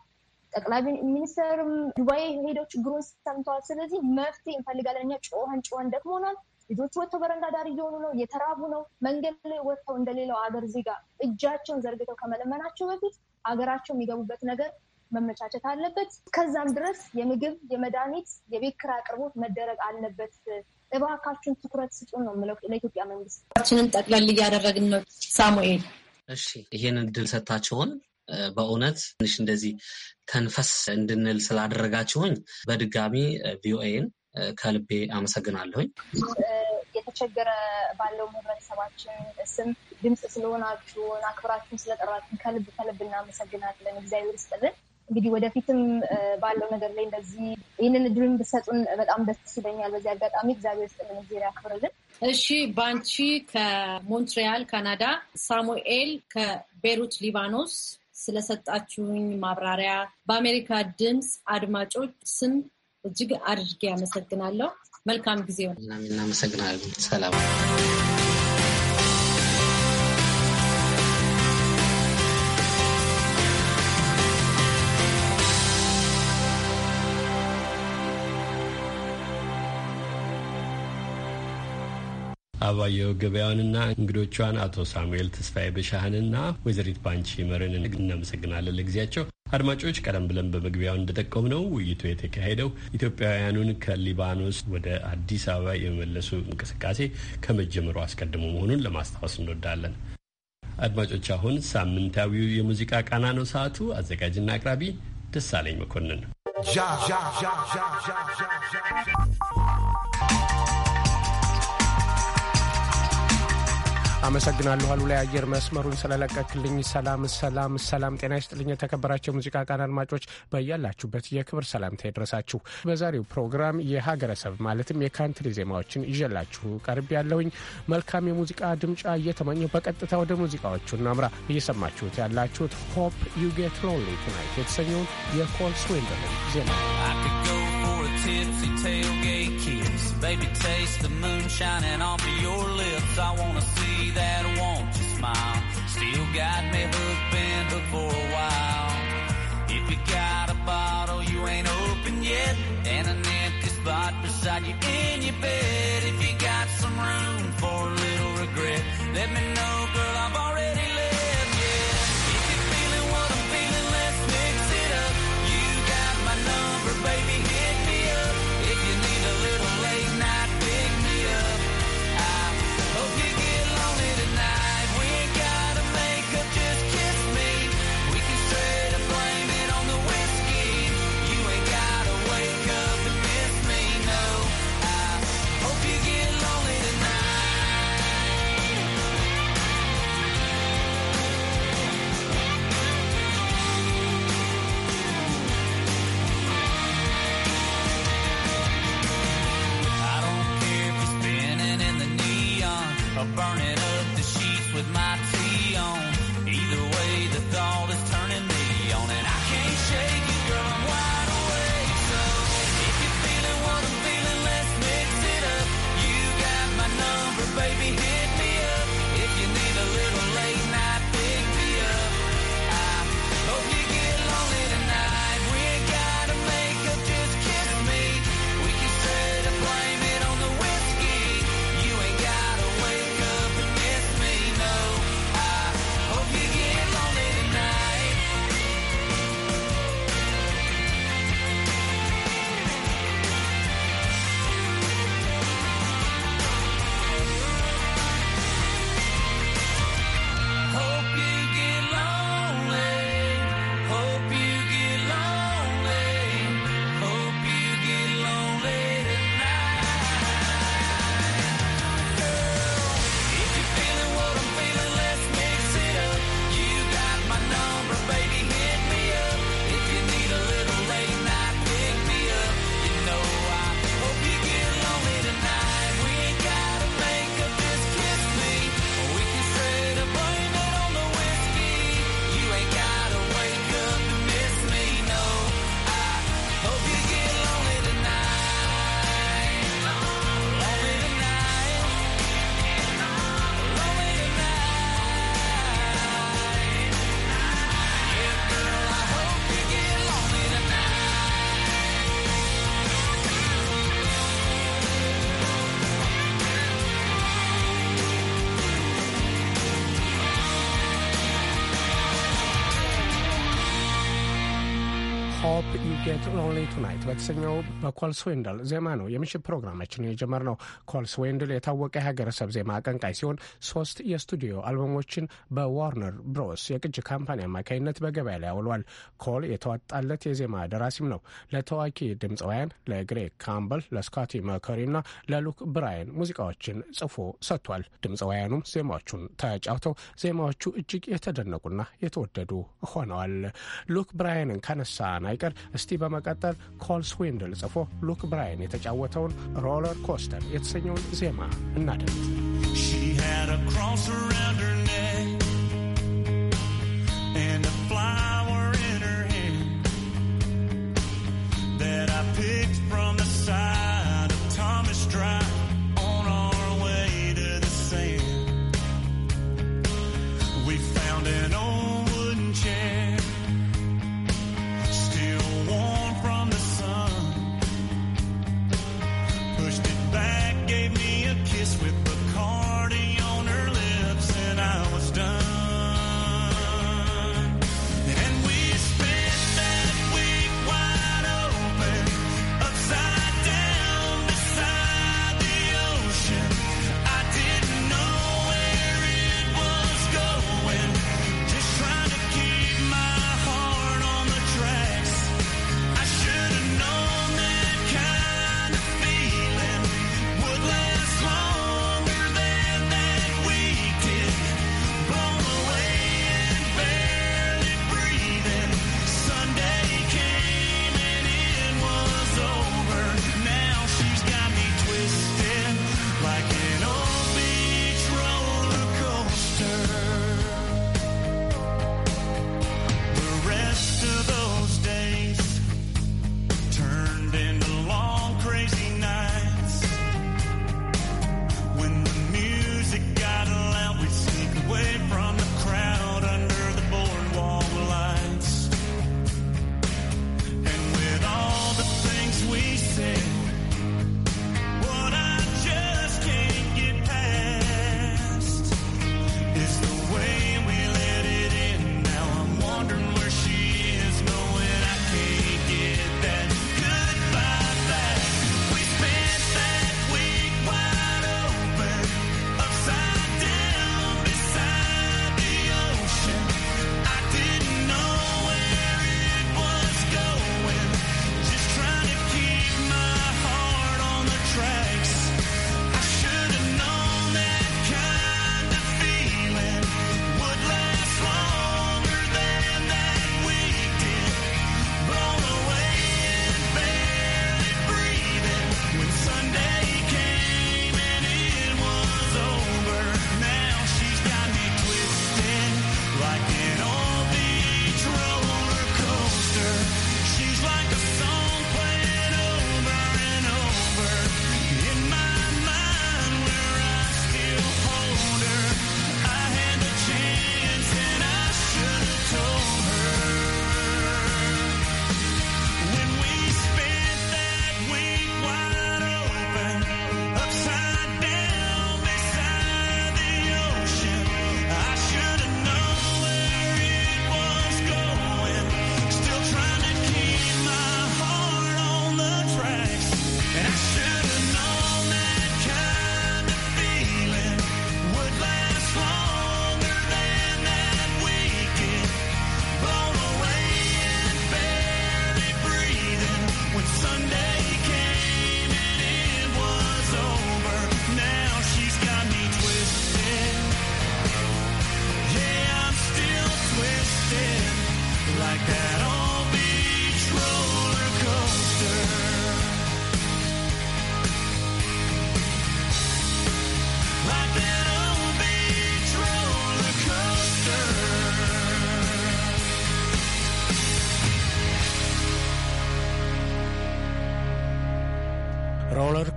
ጠቅላይ ሚኒስተር ዱባይ ሄደው ችግሩን ሰምተዋል። ስለዚህ መፍትሄ እንፈልጋለን። እኛ ጮኸን ጮኸን ደክሞናል። ልጆቹ ወጥተው በረንዳ ዳር እየሆኑ ነው፣ እየተራቡ ነው። መንገድ ላይ ወጥተው እንደሌላው አገር ዜጋ እጃቸውን ዘርግተው ከመለመናቸው በፊት አገራቸው የሚገቡበት ነገር መመቻቸት አለበት። ከዛም ድረስ የምግብ፣ የመድኃኒት፣ የቤት ኪራይ አቅርቦት መደረግ አለበት። እባካችሁን ትኩረት ስጡን ነው የምለው ለኢትዮጵያ መንግስት። ጠቅለል እያደረግን ነው። ሳሙኤል፣ እሺ ይህን እድል ሰጥታችሁን በእውነት ትንሽ እንደዚህ ተንፈስ እንድንል ስላደረጋችሁኝ በድጋሚ ቪኦኤን ከልቤ አመሰግናለሁኝ። የተቸገረ ባለው ህብረተሰባችን ስም ድምፅ ስለሆናችሁን አክብራችሁን ስለጠራችሁን ከልብ ከልብ እናመሰግናለን። እግዚአብሔር ይስጥልን። እንግዲህ ወደፊትም ባለው ነገር ላይ እንደዚህ ይህንን ድሪም ብሰጡን በጣም ደስ ይለኛል። በዚህ አጋጣሚ እግዚአብሔር ስጥ ምንዜር ያክብርልን። እሺ፣ ባንቺ ከሞንትሪያል ካናዳ፣ ሳሙኤል ከቤሩት ሊባኖስ ስለሰጣችሁኝ ማብራሪያ በአሜሪካ ድምፅ አድማጮች ስም እጅግ አድርጌ አመሰግናለሁ። መልካም ጊዜ። እናመሰግናለን። ሰላም አባየው ገበያውንና እንግዶቿን አቶ ሳሙኤል ተስፋዬ በሻህንና ወይዘሪት ባንቺ መርን እናመሰግናለን ለጊዜያቸው። አድማጮች ቀደም ብለን በመግቢያው እንደጠቀሙ ነው ውይይቱ የተካሄደው ኢትዮጵያውያኑን ከሊባኖስ ወደ አዲስ አበባ የመመለሱ እንቅስቃሴ ከመጀመሩ አስቀድሞ መሆኑን ለማስታወስ እንወዳለን። አድማጮች አሁን ሳምንታዊው የሙዚቃ ቃና ነው። ሰዓቱ አዘጋጅና አቅራቢ ደሳለኝ መኮንን አመሰግናለሁ አሉ ላይ አየር መስመሩን ስለለቀክልኝ። ሰላም ሰላም ሰላም፣ ጤና ይስጥልኝ። የተከበራቸው ሙዚቃ ቃን አድማጮች በያላችሁበት የክብር ሰላምታ ይድረሳችሁ። በዛሬው ፕሮግራም የሀገረሰብ ማለትም የካንትሪ ዜማዎችን ይዤላችሁ ቀርብ ያለሁኝ መልካም የሙዚቃ ድምጫ እየተመኘሁ በቀጥታ ወደ ሙዚቃዎቹ እናምራ። እየሰማችሁት ያላችሁት ሆፕ ዩ ጌት ሎንሊ ቱናይት የተሰኘውን የኮል ስዊንደርን ዜማ Baby, taste the moon shining off of your lips. I wanna see that, won't you smile? Still got me hooked, been hooked for a while. If you got a bottle you ain't open yet, and an empty spot beside you in your bed, if you got some room for a little regret, let me know. ጌት ሎንሊ ቱናይት በተሰኘው በኮልስ ዌንደል ዜማ ነው የምሽት ፕሮግራማችን የጀመርነው። ኮልስ ዌንደል የታወቀ የሀገረሰብ ዜማ አቀንቃይ ሲሆን ሶስት የስቱዲዮ አልበሞችን በዋርነር ብሮስ የቅጅ ካምፓኒ አማካኝነት በገበያ ላይ አውሏል። ኮል የተዋጣለት የዜማ ደራሲም ነው። ለታዋቂ ድምፃውያን ለግሬግ ካምበል፣ ለስካቲ መከሪ እና ለሉክ ብራያን ሙዚቃዎችን ጽፎ ሰጥቷል። ድምፃውያኑም ዜማዎቹን ተጫውተው ዜማዎቹ እጅግ የተደነቁና የተወደዱ ሆነዋል። ሉክ ብራያንን ከነሳን አይቀር እስቲ ዩኒቨርሲቲ በመቀጠል ኮል ስዊንድል ጽፎ ሉክ ብራይን የተጫወተውን ሮለር ኮስተር የተሰኘውን ዜማ እናደምጥ። Flower in her hand that I picked from.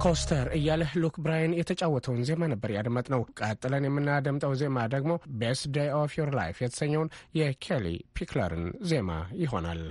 ኮስተር እያለ ሉክ ብራይን የተጫወተውን ዜማ ነበር ያደመጥ ነው። ቀጥለን የምናደምጠው ዜማ ደግሞ ቤስት ዴይ ኦፍ ዮር ላይፍ የተሰኘውን የኬሊ ፒክለርን ዜማ ይሆናል።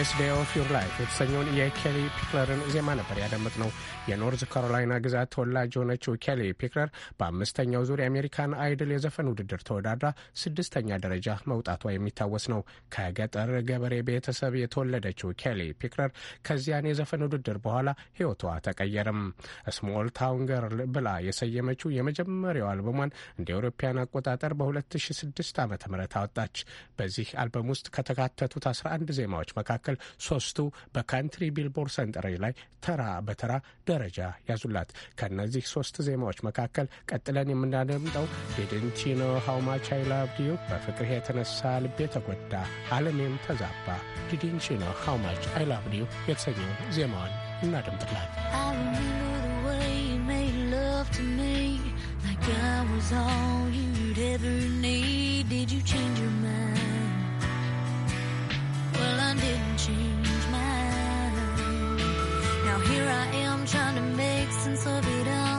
ዴስ ዴይ ኦፍ ዩር ላይፍ የተሰኘውን የኬሪ ፒክለርን ዜማ ነበር ያዳመጥነው። የኖርዝ ካሮላይና ግዛት ተወላጅ የሆነችው ኬሊ ፒክለር በአምስተኛው ዙር የአሜሪካን አይድል የዘፈን ውድድር ተወዳድራ ስድስተኛ ደረጃ መውጣቷ የሚታወስ ነው። ከገጠር ገበሬ ቤተሰብ የተወለደችው ኬሊ ፒክለር ከዚያን የዘፈን ውድድር በኋላ ህይወቷ ተቀየረም። ስሞል ታውን ገርል ብላ የሰየመችው የመጀመሪያው አልበሟን እንደ አውሮፓውያን አቆጣጠር በ2006 ዓ ም አወጣች። በዚህ አልበም ውስጥ ከተካተቱት 11 ዜማዎች መካከል ሶስቱ በካንትሪ ቢልቦርድ ሰንጠረዥ ላይ ተራ በተራ ደረጃ ያዙላት። ከእነዚህ ሶስት ዜማዎች መካከል ቀጥለን የምናደምጠው ዲድንት ዩ ኖው ሃው ማች አይ ላቭድ ዩ፣ በፍቅርህ የተነሳ ልቤ ተጎዳ፣ ዓለሜም ተዛባ፣ ዲድንት ዩ ኖው ሃው ማች አይ ላቭድ ዩ የተሰኘውን ዜማዋን እናደምጥላት። I was all you'd ever need. Did you change your mind? Well, I didn't change. Here I am trying to make sense of it all.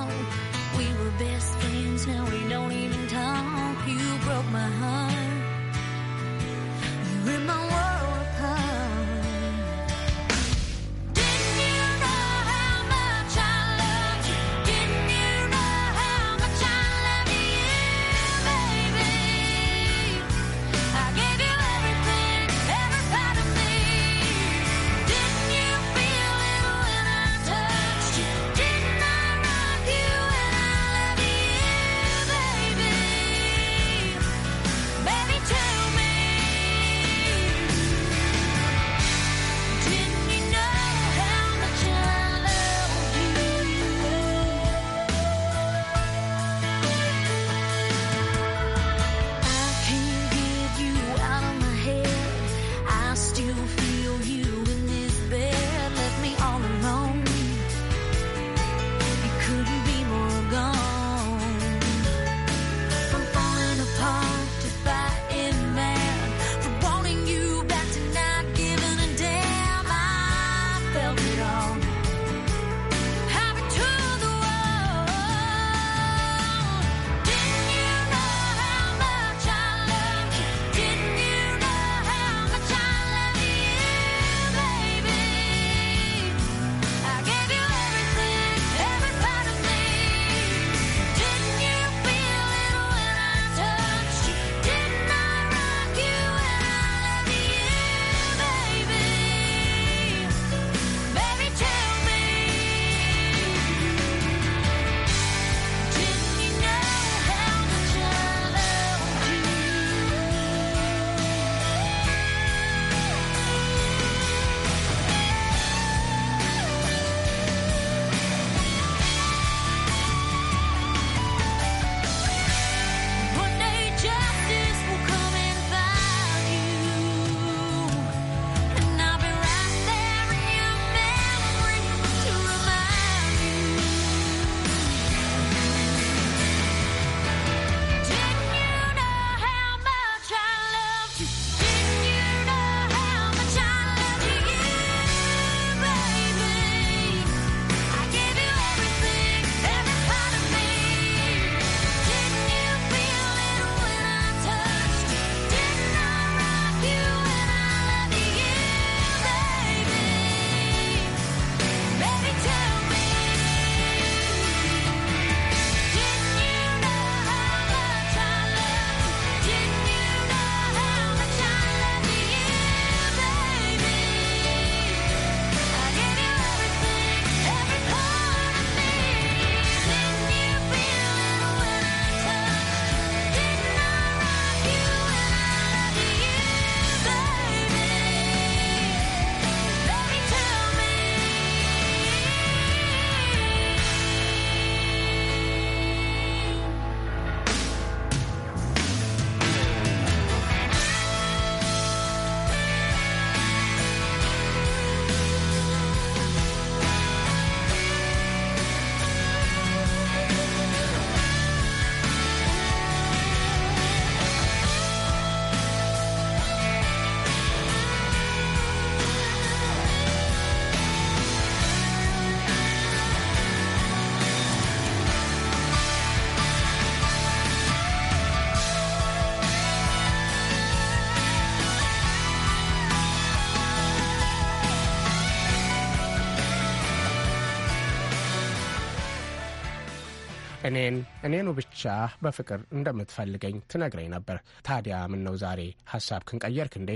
እኔን እኔኑ ብቻ በፍቅር እንደምትፈልገኝ ትነግረኝ ነበር። ታዲያ ምን ነው ዛሬ ሀሳብ ቀየርክ እንዴ?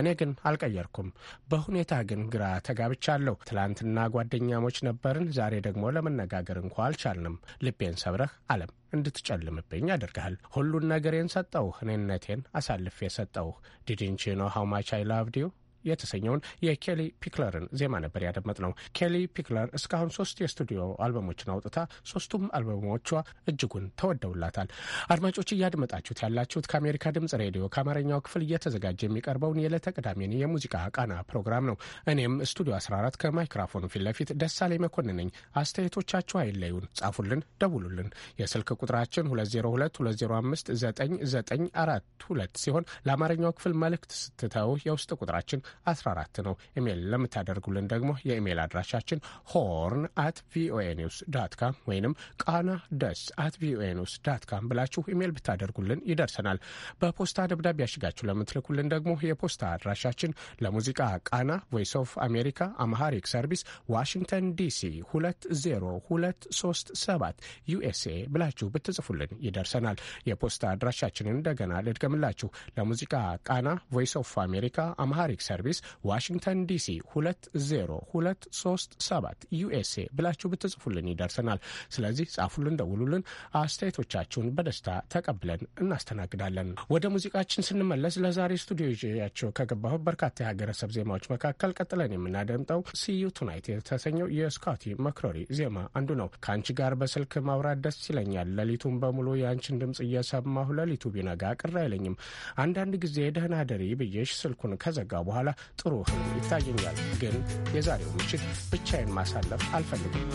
እኔ ግን አልቀየርኩም። በሁኔታ ግን ግራ ተጋብቻለሁ። ትላንትና ጓደኛሞች ነበርን፣ ዛሬ ደግሞ ለመነጋገር እንኳ አልቻልንም። ልቤን ሰብረህ አለም እንድትጨልምብኝ ያደርግሃል። ሁሉን ነገሬን ሰጠው፣ እኔነቴን አሳልፌ ሰጠውህ። ዲድንቺኖ ሀው ማች አይ ላቭድ ዩ የተሰኘውን የኬሊ ፒክለርን ዜማ ነበር ያደመጥ ነው። ኬሊ ፒክለር እስካሁን ሶስት የስቱዲዮ አልበሞችን አውጥታ ሶስቱም አልበሞቿ እጅጉን ተወደውላታል። አድማጮች እያድመጣችሁት ያላችሁት ከአሜሪካ ድምጽ ሬዲዮ ከአማርኛው ክፍል እየተዘጋጀ የሚቀርበውን የዕለተ ቅዳሜን የሙዚቃ ቃና ፕሮግራም ነው። እኔም ስቱዲዮ 14 ከማይክሮፎኑ ፊት ለፊት ደሳለኝ መኮንን ነኝ። አስተያየቶቻችሁ አይለዩን፣ ጻፉልን፣ ደውሉልን። የስልክ ቁጥራችን 2022059942 ሲሆን ለአማርኛው ክፍል መልእክት ስትተው የውስጥ ቁጥራችን 14 ነው። ኢሜይል ለምታደርጉልን ደግሞ የኢሜይል አድራሻችን ሆርን አት ቪኦኤ ኒውስ ዳት ካም ወይንም ቃና ደስ አት ቪኦኤ ኒውስ ዳት ካም ብላችሁ ኢሜይል ብታደርጉልን ይደርሰናል። በፖስታ ደብዳቤ ያሽጋችሁ ለምትልኩልን ደግሞ የፖስታ አድራሻችን ለሙዚቃ ቃና ቮይስ ኦፍ አሜሪካ አምሃሪክ ሰርቪስ ዋሽንግተን ዲሲ 20237 ዩኤስኤ ብላችሁ ብትጽፉልን ይደርሰናል። የፖስታ አድራሻችንን እንደገና ልድገምላችሁ። ለሙዚቃ ቃና ቮይስ ኦፍ አሜሪካ አምሃሪክ ሰርቪስ ሰርቪስ ዋሽንግተን ዲሲ 20237 ዩኤስኤ ብላችሁ ብትጽፉልን ይደርሰናል። ስለዚህ ጻፉልን፣ ደውሉልን። አስተያየቶቻችሁን በደስታ ተቀብለን እናስተናግዳለን። ወደ ሙዚቃችን ስንመለስ ለዛሬ ስቱዲዮ ይዤያቸው ከገባሁ በርካታ የሀገረሰብ ዜማዎች መካከል ቀጥለን የምናደምጠው ሲዩ ቱናይት የተሰኘው የስኮቲ መክሮሪ ዜማ አንዱ ነው። ከአንቺ ጋር በስልክ ማውራት ደስ ይለኛል። ሌሊቱን በሙሉ የአንቺን ድምፅ እየሰማሁ ሌሊቱ ቢነጋ ቅር አይለኝም። አንዳንድ ጊዜ ደህና ደሪ ብዬሽ ስልኩን ከዘጋ በኋላ ጥሩ ህልም ይታየኛል። ግን የዛሬው ምሽት ብቻዬን ማሳለፍ አልፈልግም።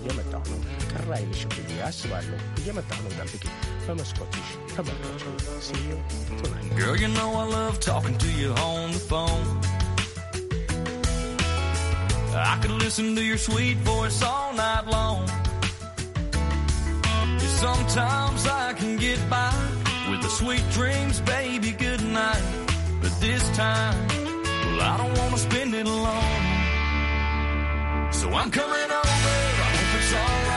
እየመጣሁ ነው። ቅር ብዬ አስባለሁ። እየመጣሁ ነው። ጠብቂ በመስኮትሽ Girl, you know I love talking to you on the phone. I could listen to your sweet voice all night long. Sometimes I can get by with the sweet dreams, baby, good night. But this time well, I don't want to spend it alone. So I'm coming over. I hope it's alright.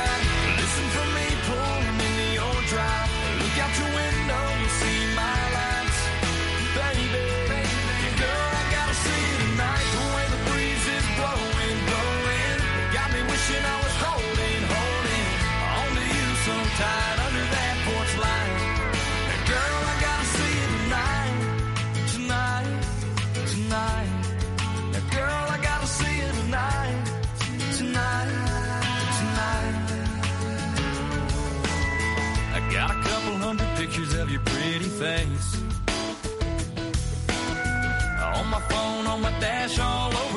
face. On my phone, on my dash, all over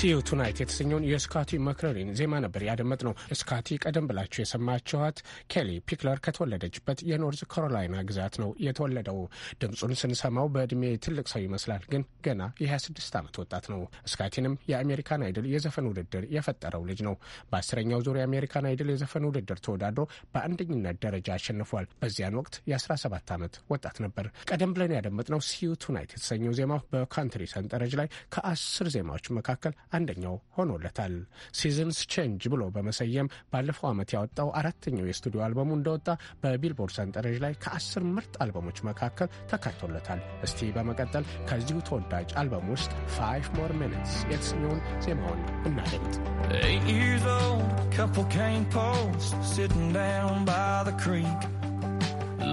ሲዩ ቱናይት የተሰኘውን የስካቲ መክረሪን ዜማ ነበር ያደመጥ ነው። ስካቲ ቀደም ብላችሁ የሰማችኋት ኬሊ ፒክለር ከተወለደችበት የኖርዝ ካሮላይና ግዛት ነው የተወለደው። ድምፁን ስንሰማው በእድሜ ትልቅ ሰው ይመስላል፣ ግን ገና የ26 ዓመት ወጣት ነው። ስካቲንም የአሜሪካን አይድል የዘፈን ውድድር የፈጠረው ልጅ ነው። በአስረኛው ዙር የአሜሪካን አይድል የዘፈን ውድድር ተወዳድሮ በአንደኝነት ደረጃ አሸንፏል። በዚያን ወቅት የ17 ዓመት ወጣት ነበር። ቀደም ብለን ነው ሲዩ ቱናይት የተሰኘው ዜማው በካንትሪ ሰንጠረዥ ላይ ከአስር ዜማዎች መካከል አንደኛው ሆኖለታል። ሲዝንስ ቼንጅ ብሎ በመሰየም ባለፈው ዓመት ያወጣው አራተኛው የስቱዲዮ አልበሙ እንደወጣ በቢልቦርድ ሰንጠረዥ ላይ ከአስር ምርጥ አልበሞች መካከል ተካቶለታል። እስቲ በመቀጠል ከዚሁ ተወዳጅ አልበም ውስጥ ፋይቭ ሞር ሚኒትስ የተሰኘውን ዜማውን እናደምጥ።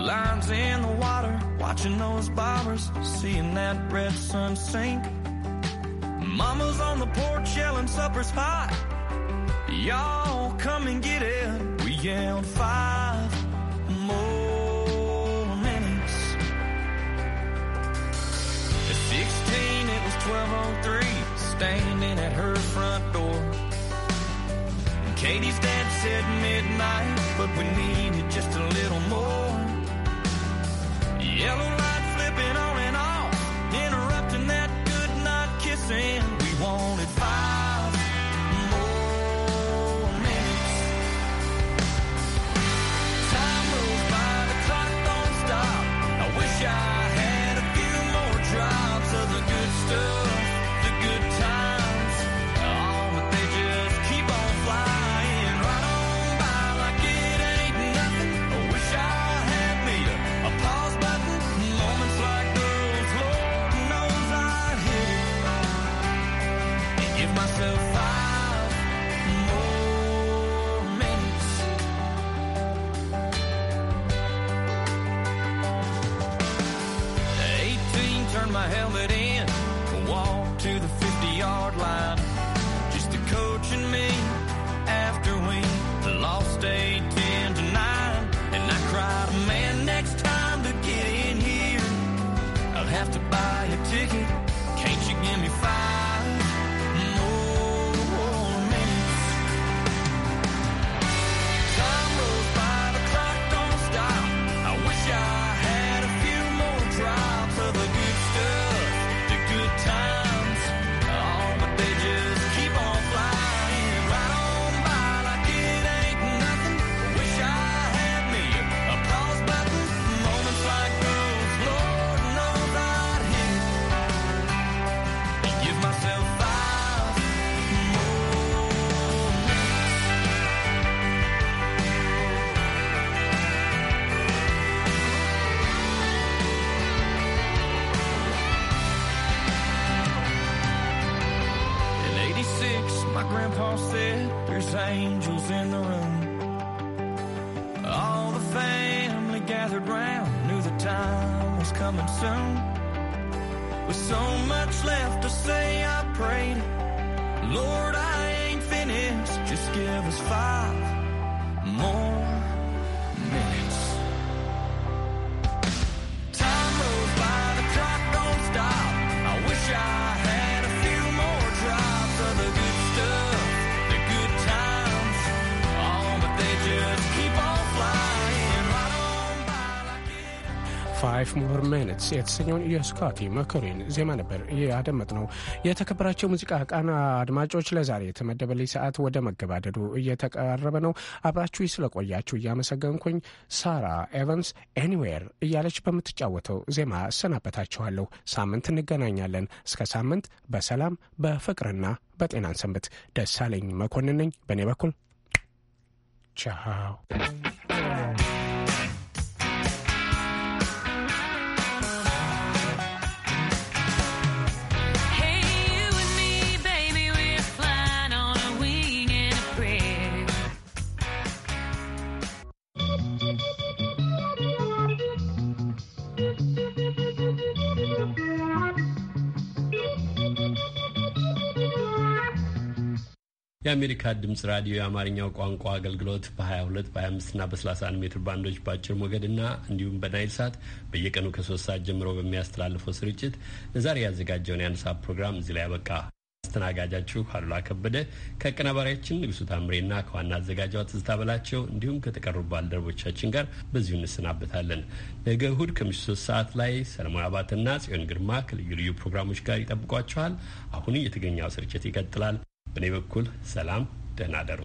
Lines in the water, watching those bobbers, seeing that red sun sink. Mama's on the porch yelling supper's hot. Y'all come and get it. We yelled five more minutes. At 16, it was 1203, standing at her front door. And Katie's dad said midnight, but we needed just a little more. Yellow just give us five more ፋይቭ ሞር ሚኒትስ የተሰኘውን የስኮቲ መከሪን ዜማ ነበር ያደመጥ ነው። የተከበራቸው ሙዚቃ ቃና አድማጮች ለዛሬ የተመደበልኝ ሰዓት ወደ መገባደዱ እየተቀረበ ነው። አብራችሁ ስለቆያችሁ እያመሰገንኩኝ ሳራ ኤቨንስ ኤኒዌር እያለች በምትጫወተው ዜማ እሰናበታችኋለሁ። ሳምንት እንገናኛለን። እስከ ሳምንት በሰላም በፍቅርና በጤናን ሰንብት። ደሳለኝ መኮንን ነኝ በእኔ በኩል ቻው። የአሜሪካ ድምጽ ራዲዮ የአማርኛው ቋንቋ አገልግሎት በ22 በ25ና በ31 ሜትር ባንዶች በአጭር ሞገድ ሞገድና እንዲሁም በናይል ሳት በየቀኑ ከሶስት ሰዓት ጀምሮ በሚያስተላልፈው ስርጭት ለዛሬ ያዘጋጀውን የአንሳ ፕሮግራም እዚህ ላይ ያበቃ። አስተናጋጃችሁ አሉላ ከበደ ከአቀናባሪያችን ንጉሱ ታምሬና ከዋና አዘጋጇ ትዝታ በላቸው እንዲሁም ከተቀሩ ባልደረቦቻችን ጋር በዚሁ እንሰናበታለን። ነገ እሁድ ከምሽቱ ሶስት ሰዓት ላይ ሰለሞን አባትና ጽዮን ግርማ ከልዩ ልዩ ፕሮግራሞች ጋር ይጠብቋችኋል። አሁን የትግርኛው ስርጭት ይቀጥላል። በእኔ በኩል ሰላም፣ ደህና ደሩ።